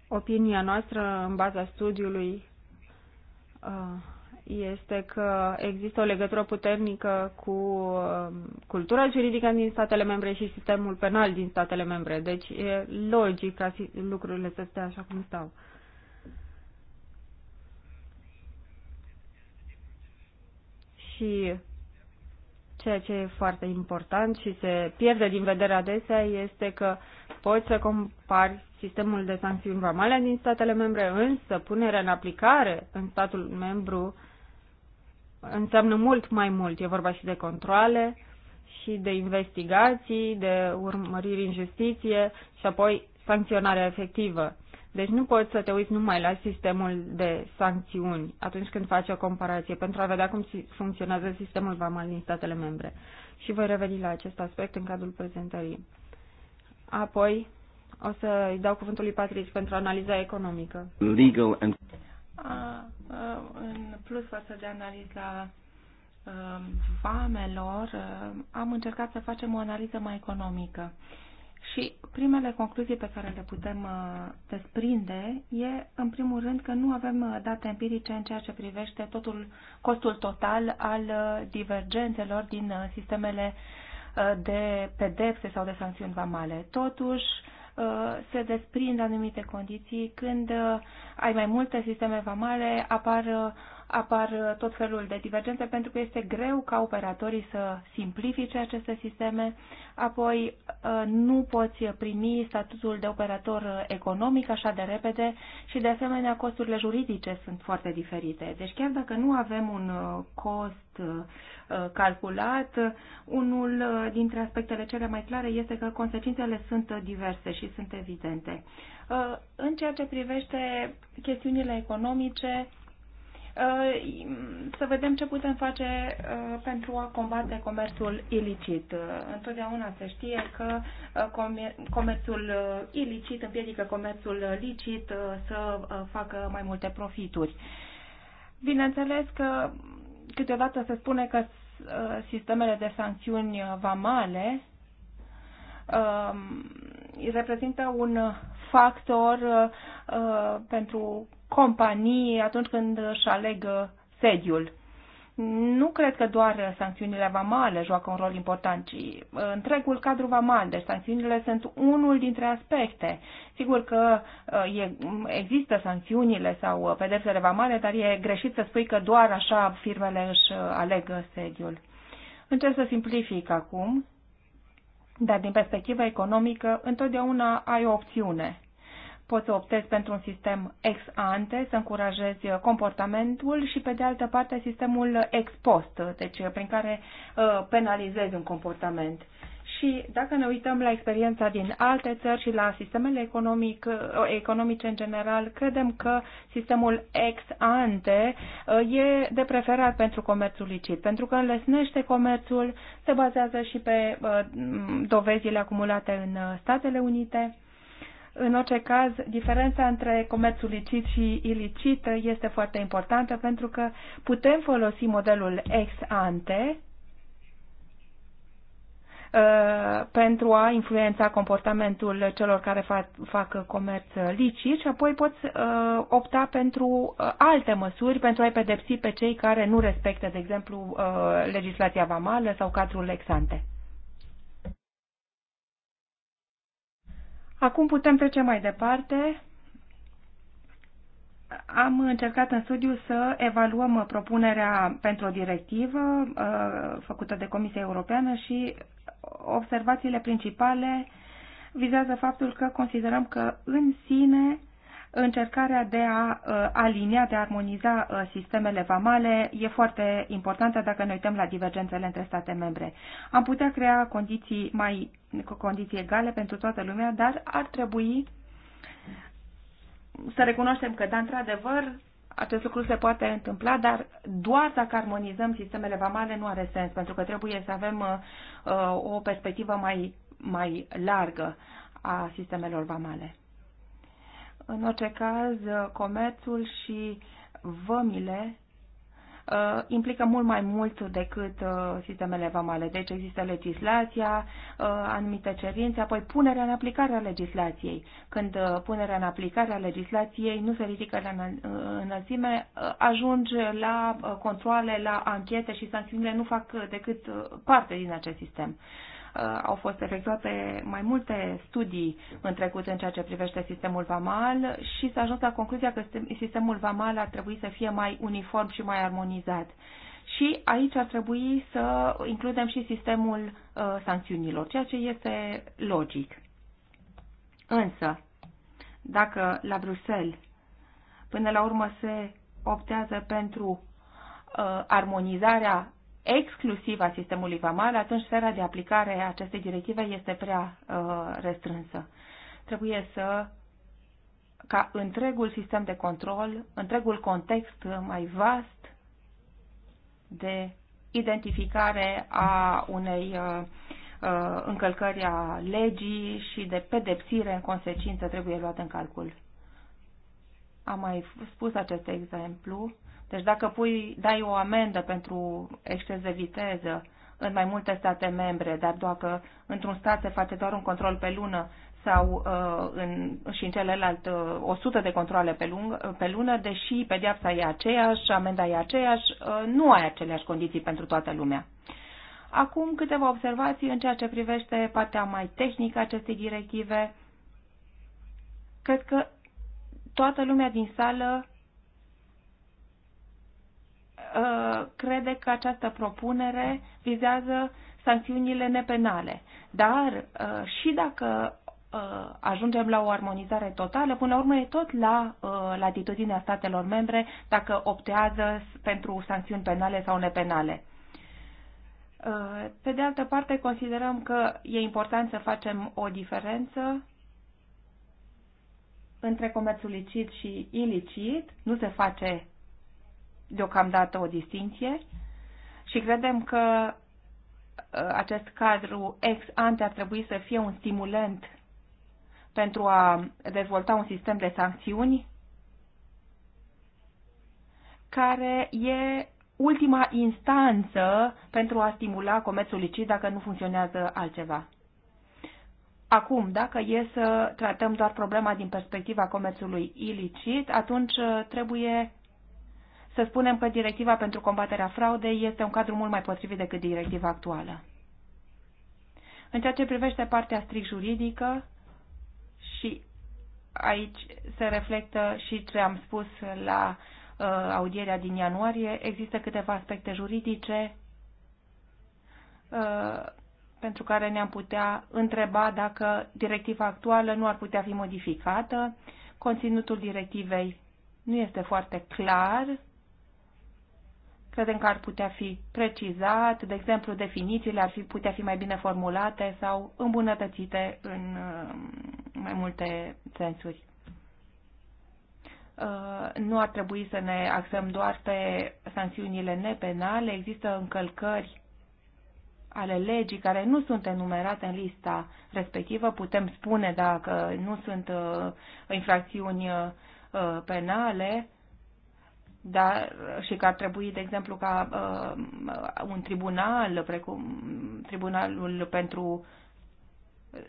Opinia noastră, în baza studiului, uh, este că există o legătură puternică cu um, cultura juridică din statele membre și sistemul penal din statele membre. Deci e logic ca lucrurile să stea așa cum stau. Și ceea ce e foarte important și se pierde din vedere adesea este că poți să compari sistemul de sancțiuni vamale din statele membre, însă punerea în aplicare în statul membru uh, înseamnă mult mai mult. E vorba și de controle și de investigații, de urmăriri în justiție și apoi sancționarea efectivă. Deci nu poți să te uiți numai la sistemul de sancțiuni atunci când faci o comparație pentru a vedea cum funcționează sistemul vamal din statele membre. Și voi reveni la acest aspect în cadrul prezentării. Apoi o să i dau cuvântul lui Patrici pentru analiza economică. Legal and în plus față de analiza vamelor, am încercat să facem o analiză mai economică. Și primele concluzii pe care le putem desprinde e, în primul rând, că nu avem date empirice în ceea ce privește totul, costul total al divergențelor din sistemele de pedepse sau de sancțiuni vamale. Totuși, Uh, se desprind anumite condiții. Când uh, ai mai multe sisteme vamale, apar, uh, apar tot felul de divergențe pentru că este greu ca operatorii să simplifice aceste sisteme. Apoi nu poți primi statutul de operator economic așa de repede și de asemenea costurile juridice sunt foarte diferite. Deci chiar dacă nu avem un cost Uh, calculat. Unul uh, dintre aspectele cele mai clare este că consecințele sunt diverse și sunt evidente. Uh, în ceea ce privește chestiunile economice, să vedem ce putem face pentru a combate comerțul ilicit. Întotdeauna se știe că comerțul ilicit împiedică comerțul licit să facă mai multe profituri. Bineînțeles că Câteodată se spune că uh, sistemele de sancțiuni uh, vamale um, reprezintă un factor uh, pentru companii atunci când își aleg sediul nu cred că doar sancțiunile vamale joacă un rol important, ci uh, întregul cadru vamal. Deci sancțiunile sunt unul dintre aspecte. Sigur că uh, e, există sancțiunile sau pedepsele vamale, dar e greșit să spui că doar așa firmele își uh, aleg sediul. Încerc să simplific acum, dar din perspectiva economică, întotdeauna ai o opțiune. Poți să optezi pentru un sistem ex ante, să încurajezi comportamentul și, pe de altă parte, sistemul ex post, deci prin care uh, penalizezi un comportament. Și dacă ne uităm la experiența din alte țări și la sistemele economic, uh, economice în general, credem că sistemul ex ante uh, e de preferat pentru comerțul licit, pentru că înlesnește comerțul, se bazează și pe dovezile acumulate în Statele Unite în orice caz, diferența între comerțul licit și ilicit este foarte importantă pentru că putem folosi modelul ex ante uh, pentru a influența comportamentul celor care fac, fac comerț licit și apoi poți uh, opta pentru uh, alte măsuri pentru a-i pedepsi pe cei care nu respectă, de exemplu, uh, legislația vamală sau cadrul lexante. Acum putem trece mai departe. Am încercat în studiu să evaluăm propunerea pentru o directivă uh, făcută de Comisia Europeană și observațiile principale vizează faptul că considerăm că în sine încercarea de a uh, alinia, de a armoniza uh, sistemele vamale e foarte importantă dacă ne uităm la divergențele între state membre. Am putea crea condiții mai condiții egale pentru toată lumea, dar ar trebui să recunoaștem că, da, într-adevăr, acest lucru se poate întâmpla, dar doar dacă armonizăm sistemele vamale nu are sens, pentru că trebuie să avem uh, uh o perspectivă mai, mai largă a sistemelor vamale. În orice caz, comerțul și vămile uh, implică mult mai mult decât uh, sistemele vamale. Deci există legislația, uh, anumite cerințe, apoi punerea în aplicare a legislației. Când uh, punerea în aplicare a legislației nu se ridică la uh, înălțime, uh, ajunge la uh, controle, la anchete și sancțiunile nu fac uh, decât uh, parte din acest sistem. Uh, Uh, au fost efectuate mai multe studii în trecut în ceea ce privește sistemul VAMAL și s-a ajuns la concluzia că sistemul VAMAL ar trebui să fie mai uniform și mai armonizat. Și aici ar trebui să includem și sistemul uh, sancțiunilor, ceea ce este logic. Însă, dacă la Bruxelles până la urmă se optează pentru uh, armonizarea exclusiv a sistemului vamal, atunci sfera de aplicare a acestei directive este prea uh, restrânsă. Trebuie să ca întregul sistem de control, întregul context mai vast de identificare a unei uh, uh încălcări a legii și de pedepsire în consecință trebuie luat în calcul. Am mai spus acest exemplu deci dacă pui, dai o amendă pentru exces de viteză în mai multe state membre, dar dacă într-un stat se face doar un control pe lună sau uh, în, și în celălalt uh, 100 de controle pe, lung, uh, pe lună, deși pediapsa e aceeași, amenda e aceeași, uh, nu ai aceleași condiții pentru toată lumea. Acum câteva observații în ceea ce privește partea mai tehnică a acestei directive. Cred că toată lumea din sală Uh, crede că această propunere vizează sancțiunile nepenale. Dar uh, și dacă uh, ajungem la o armonizare totală, până la urmă e tot la latitudinea statelor membre dacă optează pentru sancțiuni penale sau nepenale. Pe de altă parte, considerăm că e important să facem o diferență între comerțul licit și ilicit. Nu se face deocamdată o distinție și credem că ă, acest cadru ex ante ar trebui să fie un stimulant pentru a dezvolta un sistem de sancțiuni care e ultima instanță pentru a stimula comerțul licit dacă nu funcționează altceva. Acum, dacă e să tratăm doar problema din perspectiva comerțului ilicit, atunci ă, trebuie să spunem că directiva pentru combaterea fraudei este un cadru mult mai potrivit decât directiva actuală. În ceea ce privește partea strict juridică, și aici se reflectă și ce am spus la uh, audierea din ianuarie, există câteva aspecte juridice uh, pentru care ne-am putea întreba dacă directiva actuală nu ar putea fi modificată. Conținutul directivei nu este foarte clar Credem că ar putea fi precizat, de exemplu, definițiile ar fi, putea fi mai bine formulate sau îmbunătățite în um, mai multe sensuri. Uh, nu ar trebui să ne axăm doar pe sancțiunile nepenale, există încălcări ale legii care nu sunt enumerate în lista respectivă, putem spune dacă nu sunt uh, infracțiuni uh, penale, dar și că ar trebui, de exemplu, ca uh, un tribunal, precum Tribunalul pentru uh,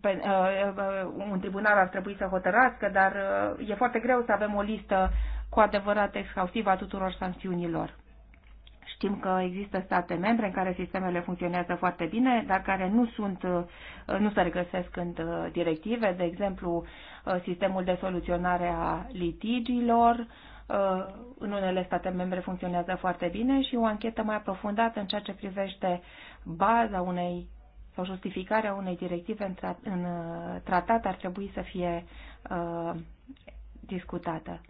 pe, uh, uh, un tribunal ar trebui să hotărască, dar uh, e foarte greu să avem o listă cu adevărat exhaustivă a tuturor sancțiunilor. Știm că există state membre în care sistemele funcționează foarte bine, dar care nu, sunt, nu se regăsesc în uh, directive, de exemplu uh, sistemul de soluționare a litigiilor, uh, în unele state membre funcționează foarte bine și o anchetă mai aprofundată în ceea ce privește baza unei sau justificarea unei directive în, tratat ar trebui să fie uh, discutată.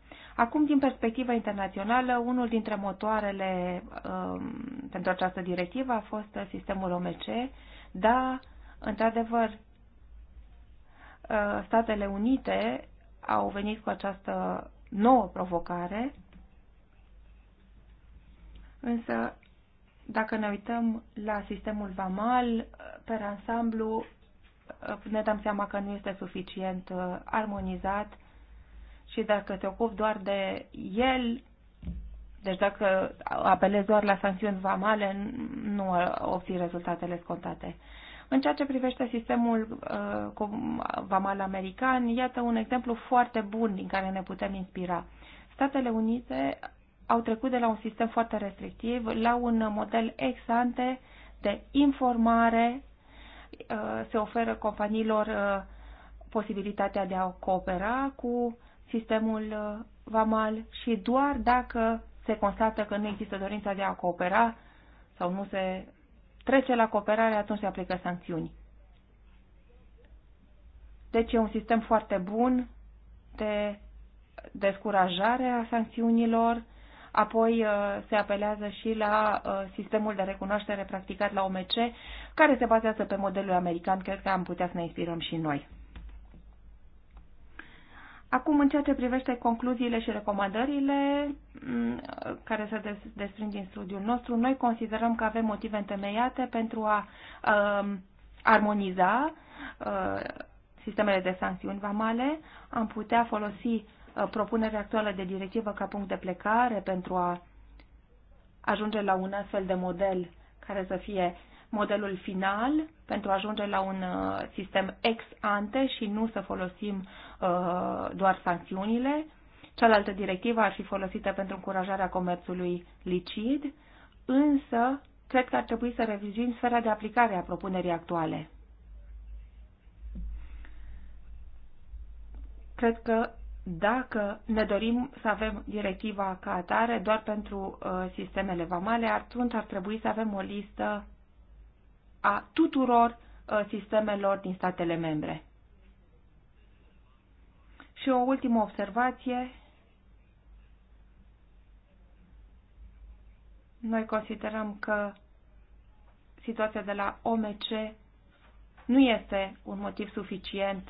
Acum, din perspectiva internațională, unul dintre motoarele um, pentru această directivă a fost sistemul OMC. dar într-adevăr, uh, Statele Unite au venit cu această nouă provocare, însă dacă ne uităm la sistemul VAMAL, pe ansamblu, uh, ne dăm seama că nu este suficient uh, armonizat și dacă te ocupi doar de el, deci dacă apelezi doar la sancțiuni vamale, nu obții rezultatele scontate. În ceea ce privește sistemul uh, vamal american, iată un exemplu foarte bun din care ne putem inspira. Statele Unite au trecut de la un sistem foarte restrictiv la un model ex ante de informare. Uh, se oferă companiilor uh, posibilitatea de a coopera cu sistemul uh, VAMAL și doar dacă se constată că nu există dorința de a coopera sau nu se trece la cooperare, atunci se aplică sancțiuni. Deci e un sistem foarte bun de descurajare a sancțiunilor, apoi uh, se apelează și la uh, sistemul de recunoaștere practicat la OMC, care se bazează pe modelul american. Cred că am putea să ne inspirăm și noi. Acum, în ceea ce privește concluziile și recomandările mm, care se desprind din studiul nostru, noi considerăm că avem motive întemeiate pentru a uh, armoniza uh, sistemele de sancțiuni vamale, am putea folosi uh, propunerea actuală de directivă ca punct de plecare pentru a ajunge la un astfel de model care să fie modelul final pentru a ajunge la un uh, sistem ex ante și nu să folosim uh, doar sancțiunile. Cealaltă directivă ar fi folosită pentru încurajarea comerțului licid, însă cred că ar trebui să revizuim sfera de aplicare a propunerii actuale. Cred că dacă ne dorim să avem directiva ca atare doar pentru uh, sistemele vamale, atunci ar trebui să avem o listă a tuturor uh, sistemelor din statele membre. Și o ultimă observație. Noi considerăm că situația de la OMC nu este un motiv suficient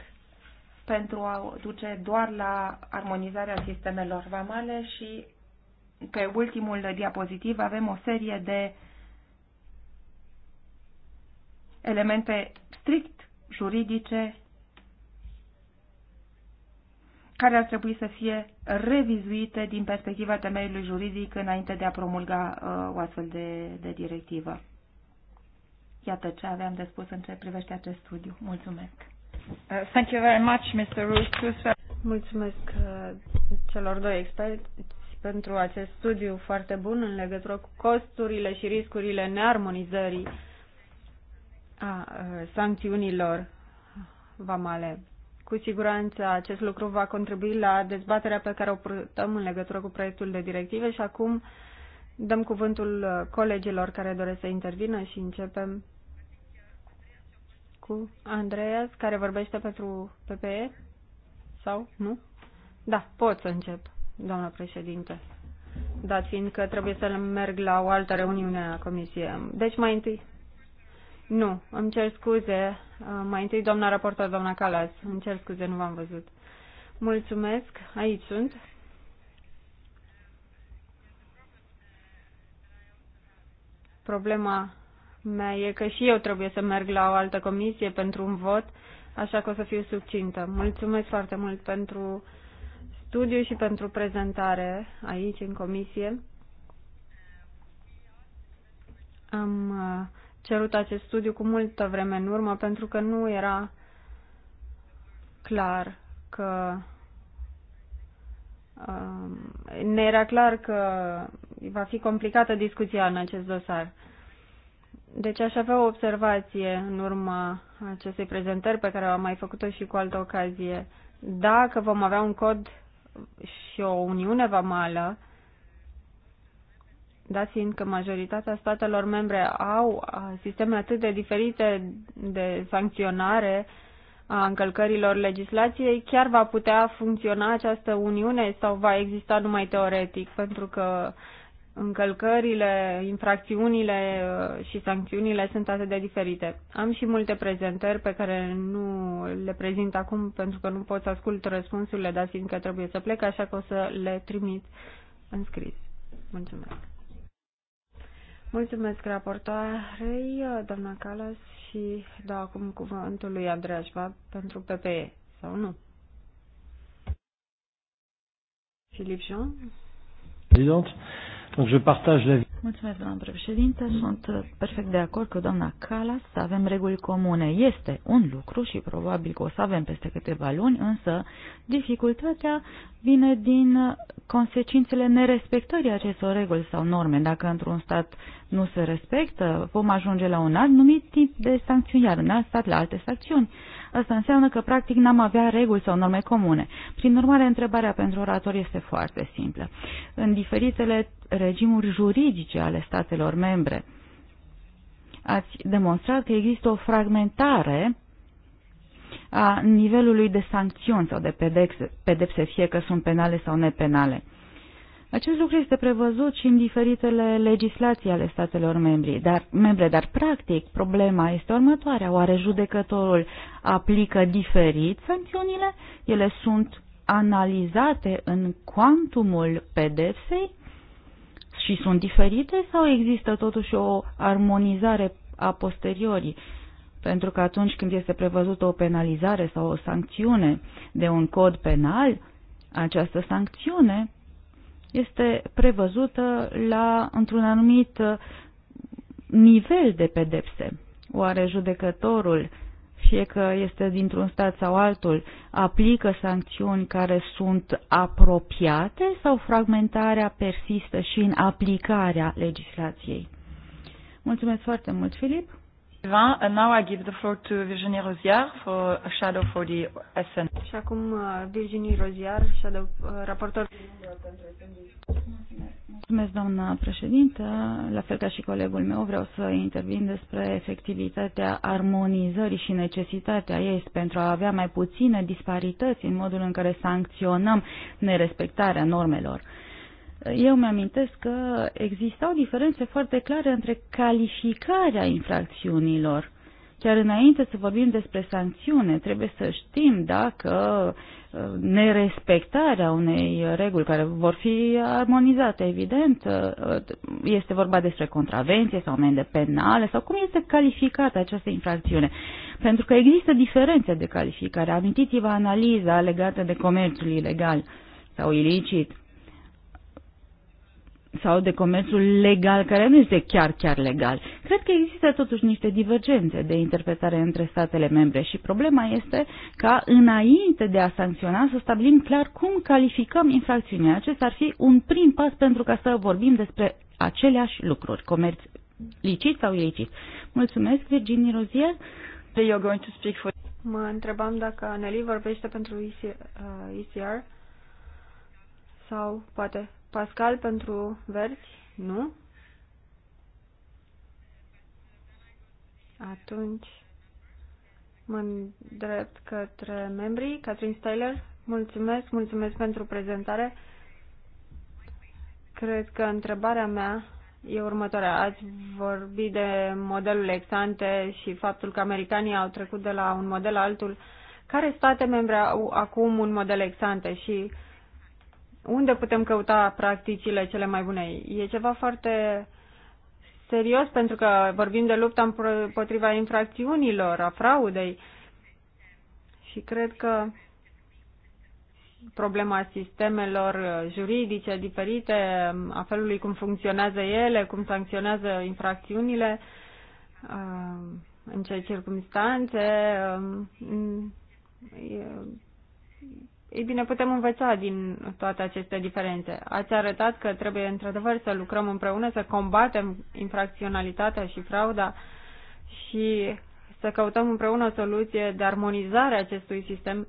pentru a duce doar la armonizarea sistemelor vamale și pe ultimul diapozitiv avem o serie de uh, elemente strict juridice care ar trebui să fie revizuite din perspectiva temeiului juridic înainte de a promulga uh, o astfel de, de directivă. Iată ce aveam de spus în ce privește acest studiu. Mulțumesc. Uh, thank you very much, Mr. Rousseau. Mulțumesc uh, celor doi experți pentru acest studiu foarte bun în legătură cu costurile și riscurile nearmonizării a sancțiunilor vamale. Cu siguranță acest lucru va contribui la dezbaterea pe care o purtăm în legătură cu proiectul de directive și acum dăm cuvântul colegilor care doresc să intervină și începem cu Andreas, care vorbește pentru PPE? Sau nu? Da, pot să încep, doamna președinte. Dat fiind că trebuie să merg la o altă reuniune a comisiei. Deci mai întâi nu, îmi cer scuze. Uh, mai întâi doamna raportor, doamna Calas. Îmi cer scuze, nu v-am văzut. Mulțumesc, aici sunt. Problema mea e că și eu trebuie să merg la o altă comisie pentru un vot, așa că o să fiu succintă. Mulțumesc foarte mult pentru studiu și pentru prezentare aici, în comisie. Am uh, cerut acest studiu cu multă vreme în urmă pentru că nu era clar că um, ne era clar că va fi complicată discuția în acest dosar. Deci aș avea o observație în urma acestei prezentări pe care am mai făcut-o și cu altă ocazie. Dacă vom avea un cod și o uniune vamală, dat fiind că majoritatea statelor membre au sisteme atât de diferite de sancționare a încălcărilor legislației, chiar va putea funcționa această uniune sau va exista numai teoretic, pentru că încălcările, infracțiunile uh, și sancțiunile sunt atât de diferite. Am și multe prezentări pe care nu le prezint acum pentru că nu pot să ascult răspunsurile, dar fiindcă trebuie să plec, așa că o să le trimit în scris. Mulțumesc. Mulțumesc raportoarei, doamna Calas, și dau acum cuvântul lui Andreea Șvab pentru PPE, sau nu? Philippe Jean. Présidente. Donc je partage la... Mulțumesc, doamnă președinte. Sunt perfect de acord cu doamna Calas să avem reguli comune. Este un lucru și probabil că o să avem peste câteva luni, însă dificultatea vine din consecințele nerespectării acestor reguli sau norme. Dacă într-un stat nu se respectă, vom ajunge la un alt numit tip de sancțiuni, iar în alt stat la alte sancțiuni. Asta înseamnă că practic n-am avea reguli sau norme comune. Prin urmare, întrebarea pentru orator este foarte simplă. În diferitele regimuri juridice ale statelor membre, ați demonstrat că există o fragmentare a nivelului de sancțiuni sau de pedepse, pedepse fie că sunt penale sau nepenale. Acest lucru este prevăzut și în diferitele legislații ale statelor membri, dar, membre, dar practic problema este următoarea. Oare judecătorul aplică diferit sancțiunile? Ele sunt analizate în quantumul pedepsei și sunt diferite sau există totuși o armonizare a posteriorii? Pentru că atunci când este prevăzută o penalizare sau o sancțiune de un cod penal, această sancțiune este prevăzută la într-un anumit uh, nivel de pedepse. Oare judecătorul, fie că este dintr-un stat sau altul, aplică sancțiuni care sunt apropiate sau fragmentarea persistă și în aplicarea legislației? Mulțumesc foarte mult, Filip! And now I give the floor to Virginie for a shadow for the SN. Și acum uh, Virginie Rozier, shadow uh, raportor. Mulțumesc, doamna președintă. La fel ca și colegul meu, vreau să intervin despre efectivitatea armonizării și necesitatea ei pentru a avea mai puține disparități în modul în care sancționăm nerespectarea normelor eu mi-amintesc că existau diferențe foarte clare între calificarea infracțiunilor. Chiar înainte să vorbim despre sancțiune, trebuie să știm dacă uh, nerespectarea unei reguli care vor fi armonizate, evident, uh, este vorba despre contravenție sau amende penale sau cum este calificată această infracțiune. Pentru că există diferențe de calificare. Amintiți-vă analiza legată de comerțul ilegal sau ilicit sau de comerțul legal, care nu este chiar, chiar legal. Cred că există totuși niște divergențe de interpretare între statele membre și problema este ca înainte de a sancționa să stabilim clar cum calificăm infracțiunea. Acesta ar fi un prim pas pentru ca să vorbim despre aceleași lucruri, comerț licit sau ilicit. Mulțumesc, Virginie Rozier. You're going to speak for... Mă întrebam dacă Aneli vorbește pentru ECR uh, sau poate Pascal pentru verzi? Nu? Atunci mă îndrept către membrii. Catherine Styler, mulțumesc, mulțumesc pentru prezentare. Cred că întrebarea mea e următoarea. Ați vorbit de modelul exante și faptul că americanii au trecut de la un model la altul. Care state membre au acum un model exante și uh, unde putem căuta practicile cele mai bune? E ceva foarte serios pentru că vorbim de lupta împotriva infracțiunilor, a fraudei și cred că problema sistemelor juridice diferite, a felului cum funcționează ele, cum sancționează infracțiunile, um, în ce circunstanțe, um, ei bine, putem învăța din toate aceste diferențe. Ați arătat că trebuie într-adevăr să lucrăm împreună, să combatem infracționalitatea și frauda și să căutăm împreună o soluție de armonizare a acestui sistem,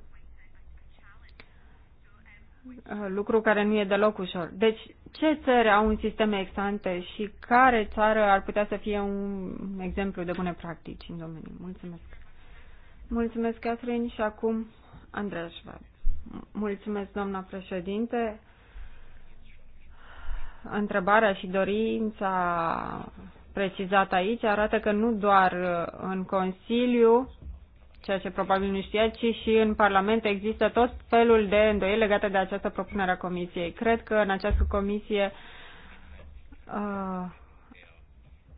lucru care nu e deloc ușor. Deci, ce țări au un sistem exante și care țară ar putea să fie un exemplu de bune practici în domeniu? Mulțumesc! Mulțumesc, Catherine, și acum Andreea Schwab. Mulțumesc, doamna președinte. Întrebarea și dorința precizată aici arată că nu doar în Consiliu, ceea ce probabil nu știa, ci și în Parlament există tot felul de îndoieli legate de această propunere a Comisiei. Cred că în această comisie uh,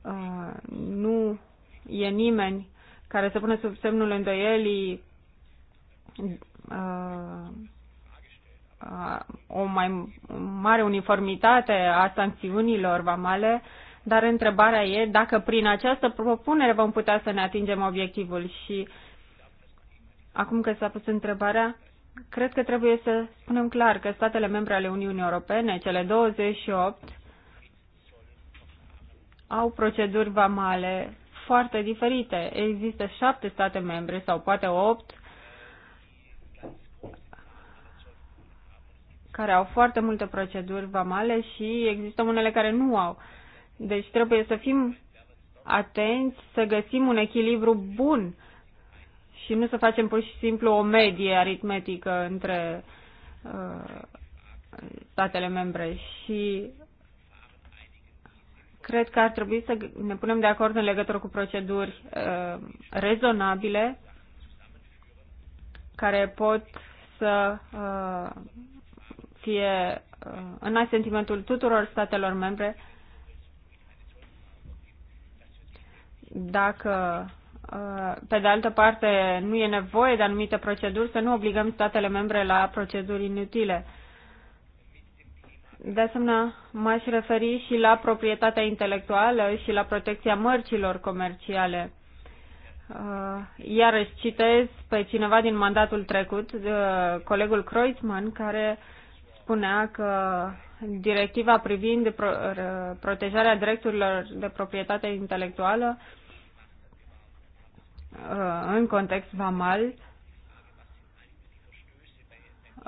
uh, nu e nimeni care să pună sub semnul îndoielii Uh, uh, o mai mare uniformitate a sancțiunilor vamale, dar întrebarea e dacă prin această propunere vom putea să ne atingem obiectivul și acum că s-a pus întrebarea, cred că trebuie să spunem clar că statele membre ale Uniunii Europene, cele 28, au proceduri vamale foarte diferite. Există șapte state membre sau poate opt care au foarte multe proceduri vamale și există unele care nu au. Deci trebuie să fim atenți, să găsim un echilibru bun și nu să facem pur și simplu o medie aritmetică între uh, statele membre. Și cred că ar trebui să ne punem de acord în legătură cu proceduri uh, rezonabile care pot să uh, fie uh, în asentimentul tuturor statelor membre dacă uh, pe de altă parte nu e nevoie de anumite proceduri, să nu obligăm statele membre la proceduri inutile. De asemenea, m-aș referi și la proprietatea intelectuală și la protecția mărcilor comerciale. Uh, iarăși citez pe cineva din mandatul trecut, colegul Kreuzmann, care spunea că directiva privind pro protejarea drepturilor de proprietate intelectuală uh, în context vamal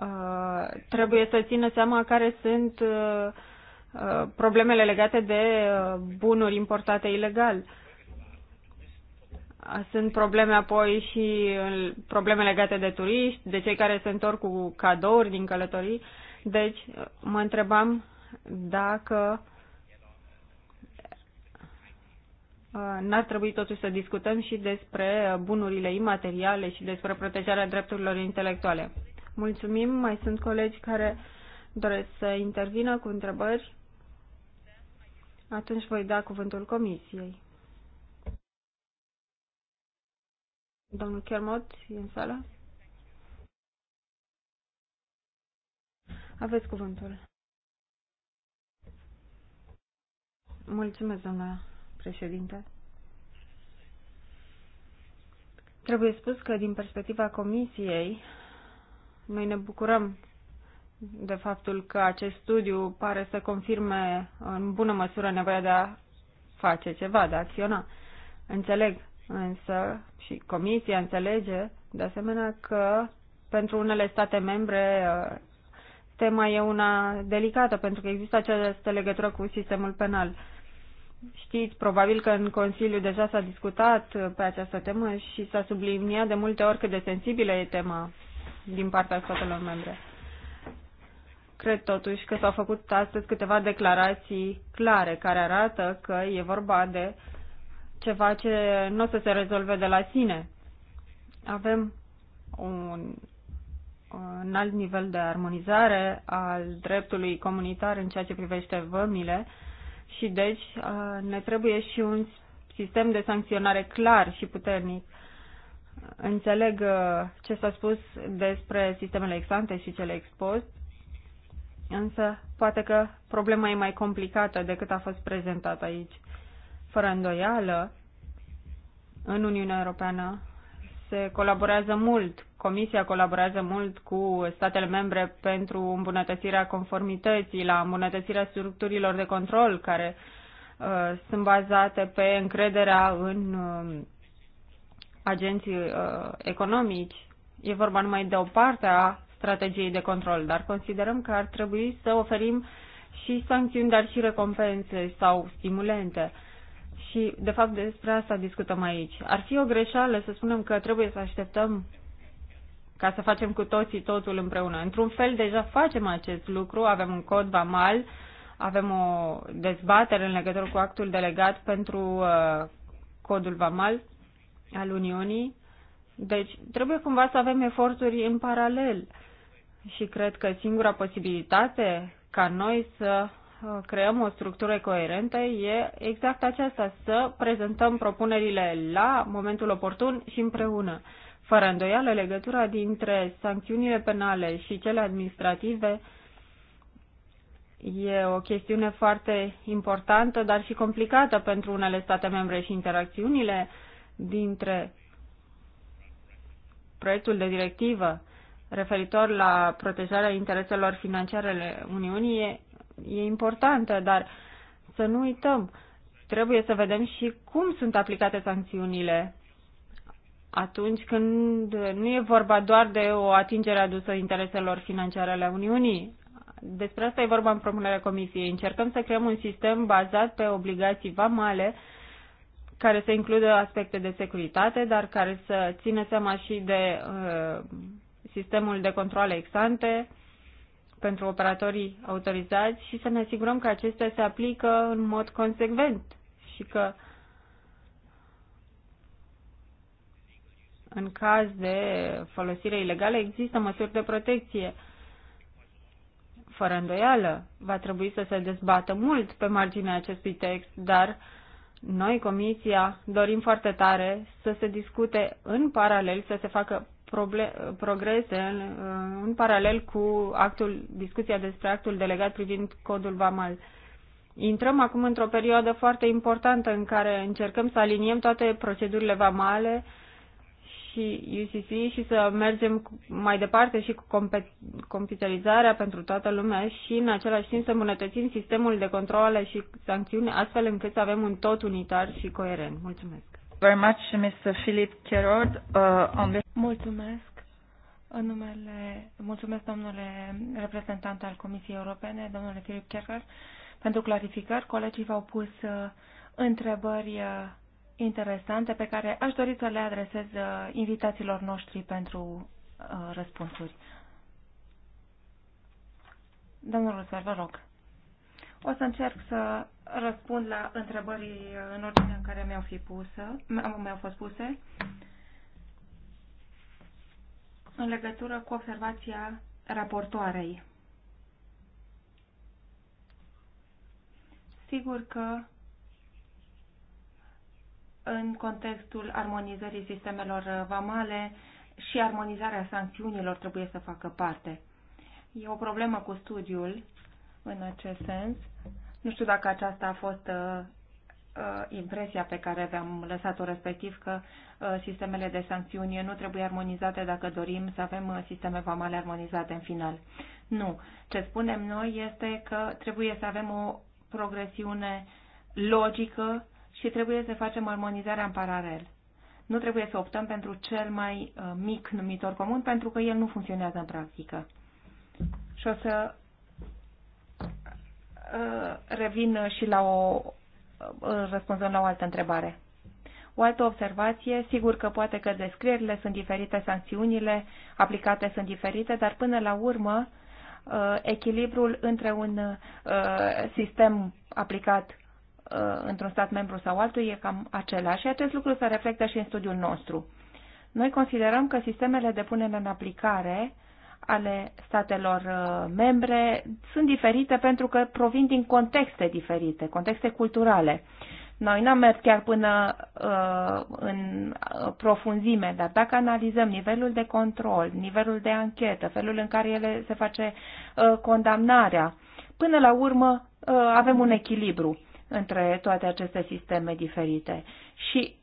uh, trebuie să țină seama care sunt uh, problemele legate de bunuri importate ilegal. Sunt probleme apoi și probleme legate de turiști, de cei care se întorc cu cadouri din călătorii. Uh, deci, mă întrebam dacă uh, n-ar trebui totuși să discutăm și despre bunurile imateriale și despre protejarea drepturilor intelectuale. Mulțumim, mai sunt colegi care doresc să intervină cu întrebări. Atunci voi da cuvântul comisiei. Domnul Chermot, e în sală? Aveți cuvântul. Mulțumesc, doamna președinte. Trebuie spus că din perspectiva Comisiei, noi ne bucurăm de faptul că acest studiu pare să confirme în bună măsură nevoia de a face ceva, de a acționa. Înțeleg însă și Comisia înțelege de asemenea că pentru unele state membre tema e una delicată pentru că există această legătură cu sistemul penal. Știți, probabil că în Consiliu deja s-a discutat pe această temă și s-a subliniat de multe ori cât de sensibilă e tema din partea statelor membre. Cred totuși că s-au făcut astăzi câteva declarații clare care arată că e vorba de ceva ce nu o să se rezolve de la sine. Avem un un alt nivel de armonizare al dreptului comunitar în ceea ce privește vămile și deci ne trebuie și un sistem de sancționare clar și puternic. Înțeleg ce s-a spus despre sistemele exante și cele expost, însă poate că problema e mai complicată decât a fost prezentată aici. Fără îndoială, în Uniunea Europeană se colaborează mult Comisia colaborează mult cu statele membre pentru îmbunătățirea conformității, la îmbunătățirea structurilor de control care uh, sunt bazate pe încrederea în uh, agenții uh, economici. E vorba numai de o parte a strategiei de control, dar considerăm că ar trebui să oferim și sancțiuni, dar și recompense sau stimulente. Și, de fapt, despre asta discutăm aici. Ar fi o greșeală să spunem că trebuie să așteptăm ca să facem cu toții totul împreună. Într-un fel, deja facem acest lucru, avem un cod vamal, avem o dezbatere în legătură cu actul delegat pentru uh, codul vamal al Uniunii. Deci, trebuie cumva să avem eforturi în paralel și cred că singura posibilitate ca noi să uh, creăm o structură coerentă e exact aceasta, să prezentăm propunerile la momentul oportun și împreună. Fără îndoială, legătura dintre sancțiunile penale și cele administrative e o chestiune foarte importantă, dar și complicată pentru unele state membre și interacțiunile dintre proiectul de directivă referitor la protejarea intereselor financiare ale Uniunii e, e importantă, dar să nu uităm, trebuie să vedem și cum sunt aplicate sancțiunile atunci când nu e vorba doar de o atingere adusă intereselor financiare ale Uniunii. Despre asta e vorba în propunerea Comisiei. Încercăm să creăm un sistem bazat pe obligații vamale care să includă aspecte de securitate, dar care să țină seama și de uh, sistemul de controle exante pentru operatorii autorizați și să ne asigurăm că acestea se aplică în mod consecvent și că uh, în caz de folosire ilegală există măsuri de protecție. Fără îndoială, va trebui să se dezbată mult pe marginea acestui text, dar noi, Comisia, dorim foarte tare să se discute în paralel, să se facă progrese în, în paralel cu actul, discuția despre actul delegat privind codul VAMAL. Intrăm acum într-o perioadă foarte importantă în care încercăm să aliniem toate procedurile VAMALE uh, și UCC și să mergem mai departe și cu computerizarea pentru toată lumea și în același timp să îmbunătățim sistemul de controle și sancțiuni astfel încât să avem un tot unitar și coerent. Mulțumesc. Very much, Mr. Philip Kerod. Uh, on Mulțumesc. În numele, mulțumesc domnule reprezentant al Comisiei Europene, domnule Philip Kerker, pentru clarificări. Colegii v-au pus uh, întrebări uh, interesante pe care aș dori să le adresez uh, invitațiilor noștri pentru uh, răspunsuri. Domnul Rusar, vă rog. O să încerc să răspund la întrebării în ordine în care mi-au, fi pusă, mi-au fost puse în legătură cu observația raportoarei. Sigur că în contextul armonizării sistemelor uh, vamale și armonizarea sancțiunilor trebuie să facă parte. E o problemă cu studiul în acest sens. Nu știu dacă aceasta a fost uh, uh, impresia pe care v-am lăsat-o respectiv că sistemele de sancțiuni nu trebuie armonizate dacă dorim să avem sisteme vamale armonizate în final. Nu. Ce spunem noi este că trebuie să avem o progresiune logică și trebuie să facem armonizarea în paralel. Nu trebuie să optăm pentru cel mai uh, mic numitor comun, pentru că el nu funcționează în practică. Și o să uh, revin și la o uh, răspunzând la o altă întrebare. O altă observație, sigur că poate că descrierile sunt diferite, sancțiunile aplicate sunt diferite, dar până la urmă echilibrul între un sistem aplicat Uh, într-un stat membru sau altul e cam același și acest lucru se reflectă și în studiul nostru. Noi considerăm că sistemele de punere în aplicare ale statelor uh, membre sunt diferite pentru că provin din contexte diferite, contexte culturale. Noi n-am mers chiar până uh, în uh, profunzime, dar dacă analizăm nivelul de control, nivelul de anchetă, felul în care ele se face uh, condamnarea, până la urmă uh, avem un echilibru între toate aceste sisteme diferite. Și,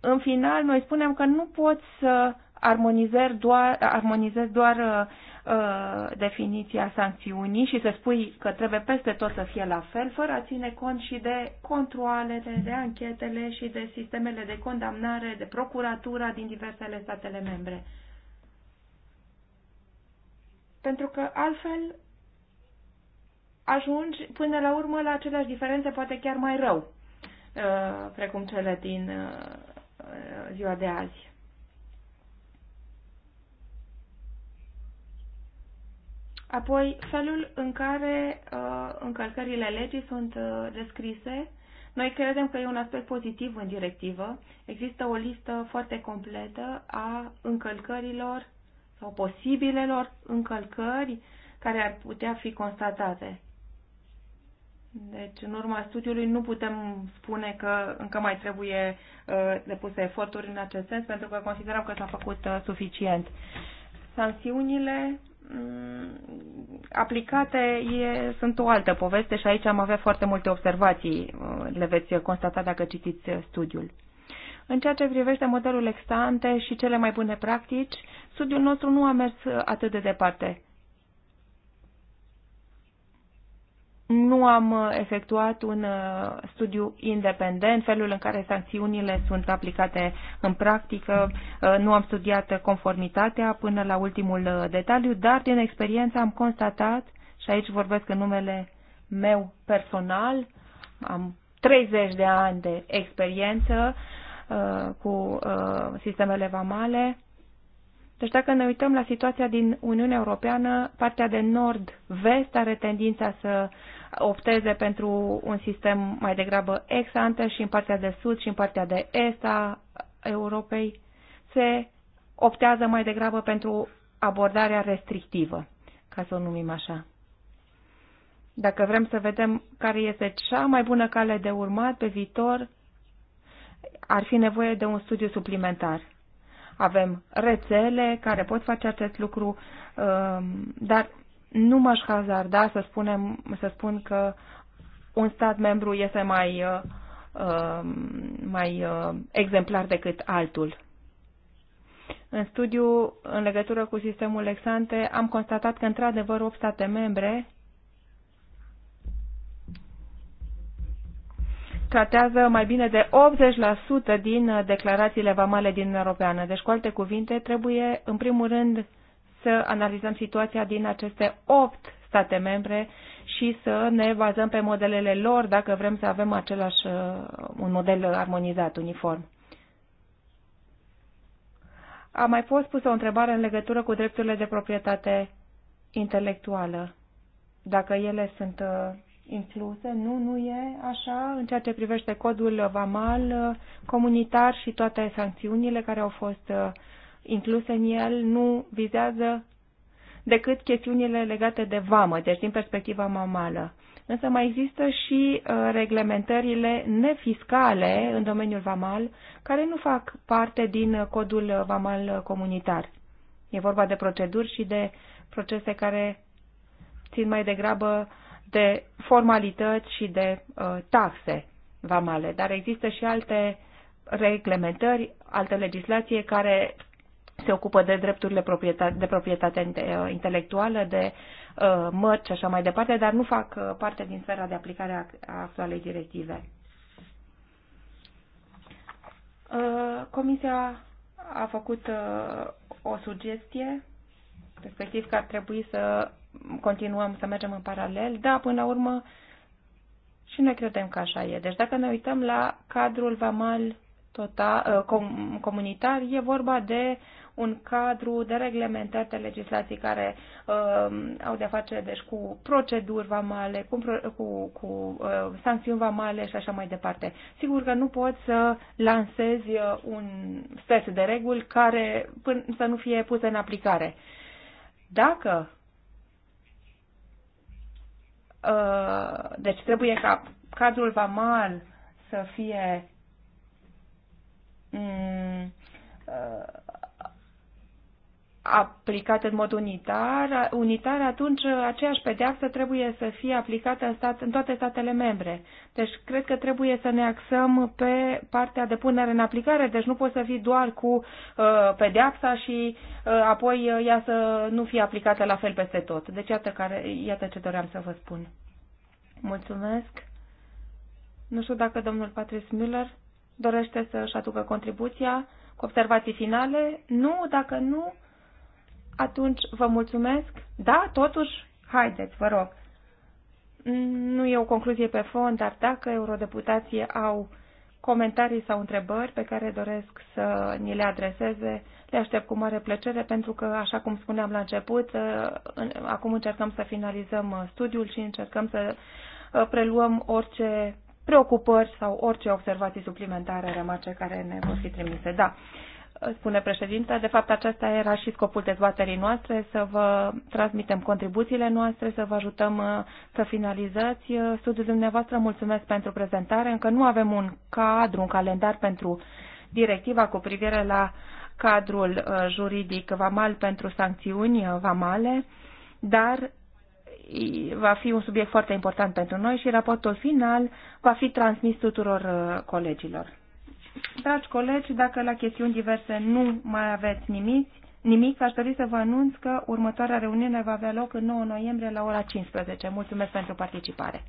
în final, noi spunem că nu poți să armonizezi doar, armonizezi doar uh, uh, definiția sancțiunii și să spui că trebuie peste tot să fie la fel, fără a ține cont și de controalele, de anchetele și de sistemele de condamnare, de procuratura din diversele statele membre. Pentru că altfel ajungi până la urmă la aceleași diferențe, poate chiar mai rău, uh, precum cele din uh, uh, ziua de azi. Apoi, felul în care uh, încălcările legii sunt uh, descrise. Noi credem că e un aspect pozitiv în directivă. Există o listă foarte completă a încălcărilor sau posibilelor încălcări care ar putea fi constatate. Deci, în urma studiului, nu putem spune că încă mai trebuie uh, depuse eforturi în acest sens, pentru că considerăm că s-a făcut uh, suficient. Sancțiunile mm, aplicate e, sunt o altă poveste și aici am avea foarte multe observații, uh, le veți constata dacă citiți studiul. În ceea ce privește modelul extante și cele mai bune practici, studiul nostru nu a mers atât de departe. nu am uh, efectuat un uh, studiu independent, felul în care sancțiunile sunt aplicate în practică, uh, nu am studiat conformitatea până la ultimul detaliu, dar din experiență am constatat, și aici vorbesc în numele meu personal, am 30 de ani de experiență cu sistemele vamale, deci dacă ne uităm la situația din Uniunea Europeană, partea de nord-vest are tendința să opteze pentru un sistem mai degrabă ex ante și în partea de sud și în partea de est a Europei se optează mai degrabă pentru abordarea restrictivă, ca să o numim așa. Dacă vrem să vedem care este cea mai bună cale de urmat pe viitor, ar fi nevoie de un studiu suplimentar. Avem rețele care pot face acest lucru, um, dar nu m-aș hazarda să, spunem, să spun că un stat membru este mai, uh, um, mai uh, exemplar decât altul. În studiu, în legătură cu sistemul Lexante, am constatat că, într-adevăr, 8 state membre tratează mai bine de 80% din declarațiile vamale din Europeană. Deci, cu alte cuvinte, trebuie, în primul rând, să analizăm situația din aceste opt state membre și să ne bazăm pe modelele lor dacă vrem să avem același, uh, un model armonizat, uniform. A mai fost pusă o întrebare în legătură cu drepturile de proprietate intelectuală. Dacă ele sunt uh, incluse, nu, nu e așa în ceea ce privește codul VAMAL uh, comunitar și toate sancțiunile care au fost incluse în el nu vizează decât chestiunile legate de vamă, deci din perspectiva mamală. Însă mai există și uh, reglementările nefiscale în domeniul vamal, care nu fac parte din uh, codul vamal comunitar. E vorba de proceduri și de procese care țin mai degrabă de formalități și de uh, taxe vamale, dar există și alte reglementări, alte legislație care se ocupă de drepturile proprietate, de proprietate uh, intelectuală, de uh, mărci și așa mai departe, dar nu fac uh, parte din sfera de aplicare a actualei directive. Uh, comisia a făcut o sugestie, respectiv că ar trebui să continuăm să mergem în paralel. Da, până la urmă, și noi credem că așa e. Deci dacă ne uităm la cadrul VAMAL total, ă, com, comunitar, e vorba de un cadru de reglementări de legislații care uh, au de-a face deci, cu proceduri vamale, cu, cu, cu uh, sancțiuni vamale și așa mai departe. Sigur că nu poți să lansezi un set de reguli care până, să nu fie puse în aplicare. Dacă uh, deci trebuie ca cadrul vamal să fie Mm, uh, aplicat în mod unitar, unitar atunci aceeași pedeapsă trebuie să fie aplicată în, stat, în toate statele membre. Deci cred că trebuie să ne axăm pe partea de punere în aplicare, deci nu poți să vii doar cu uh, pedeapsa și uh, apoi uh, ea să nu fie aplicată la fel peste tot. Deci iată, care, iată ce doream să vă spun. Mulțumesc. Nu știu dacă domnul Patrice Müller Dorește să-și aducă contribuția cu observații finale? Nu, dacă nu, atunci vă mulțumesc. Da, totuși, haideți, vă rog. Nu e o concluzie pe fond, dar dacă eurodeputații au comentarii sau întrebări pe care doresc să ni le adreseze, le aștept cu mare plăcere pentru că, așa cum spuneam la început, ă, acum încercăm să finalizăm studiul și încercăm să ă, preluăm orice preocupări sau orice observații suplimentare, remarce care ne vor fi trimise. Da, spune președinte, de fapt acesta era și scopul dezbaterii noastre, să vă transmitem contribuțiile noastre, să vă ajutăm uh, să finalizați uh, studiul dumneavoastră. Mulțumesc pentru prezentare. Încă nu avem un cadru, un calendar pentru directiva cu privire la cadrul uh, juridic vamal pentru sancțiuni vamale, dar va fi un subiect foarte important pentru noi și raportul final va fi transmis tuturor uh, colegilor. Dragi colegi, dacă la chestiuni diverse nu mai aveți nimic, nimic, aș dori să vă anunț că următoarea reuniune va avea loc în 9 noiembrie la ora 15. Mulțumesc pentru participare!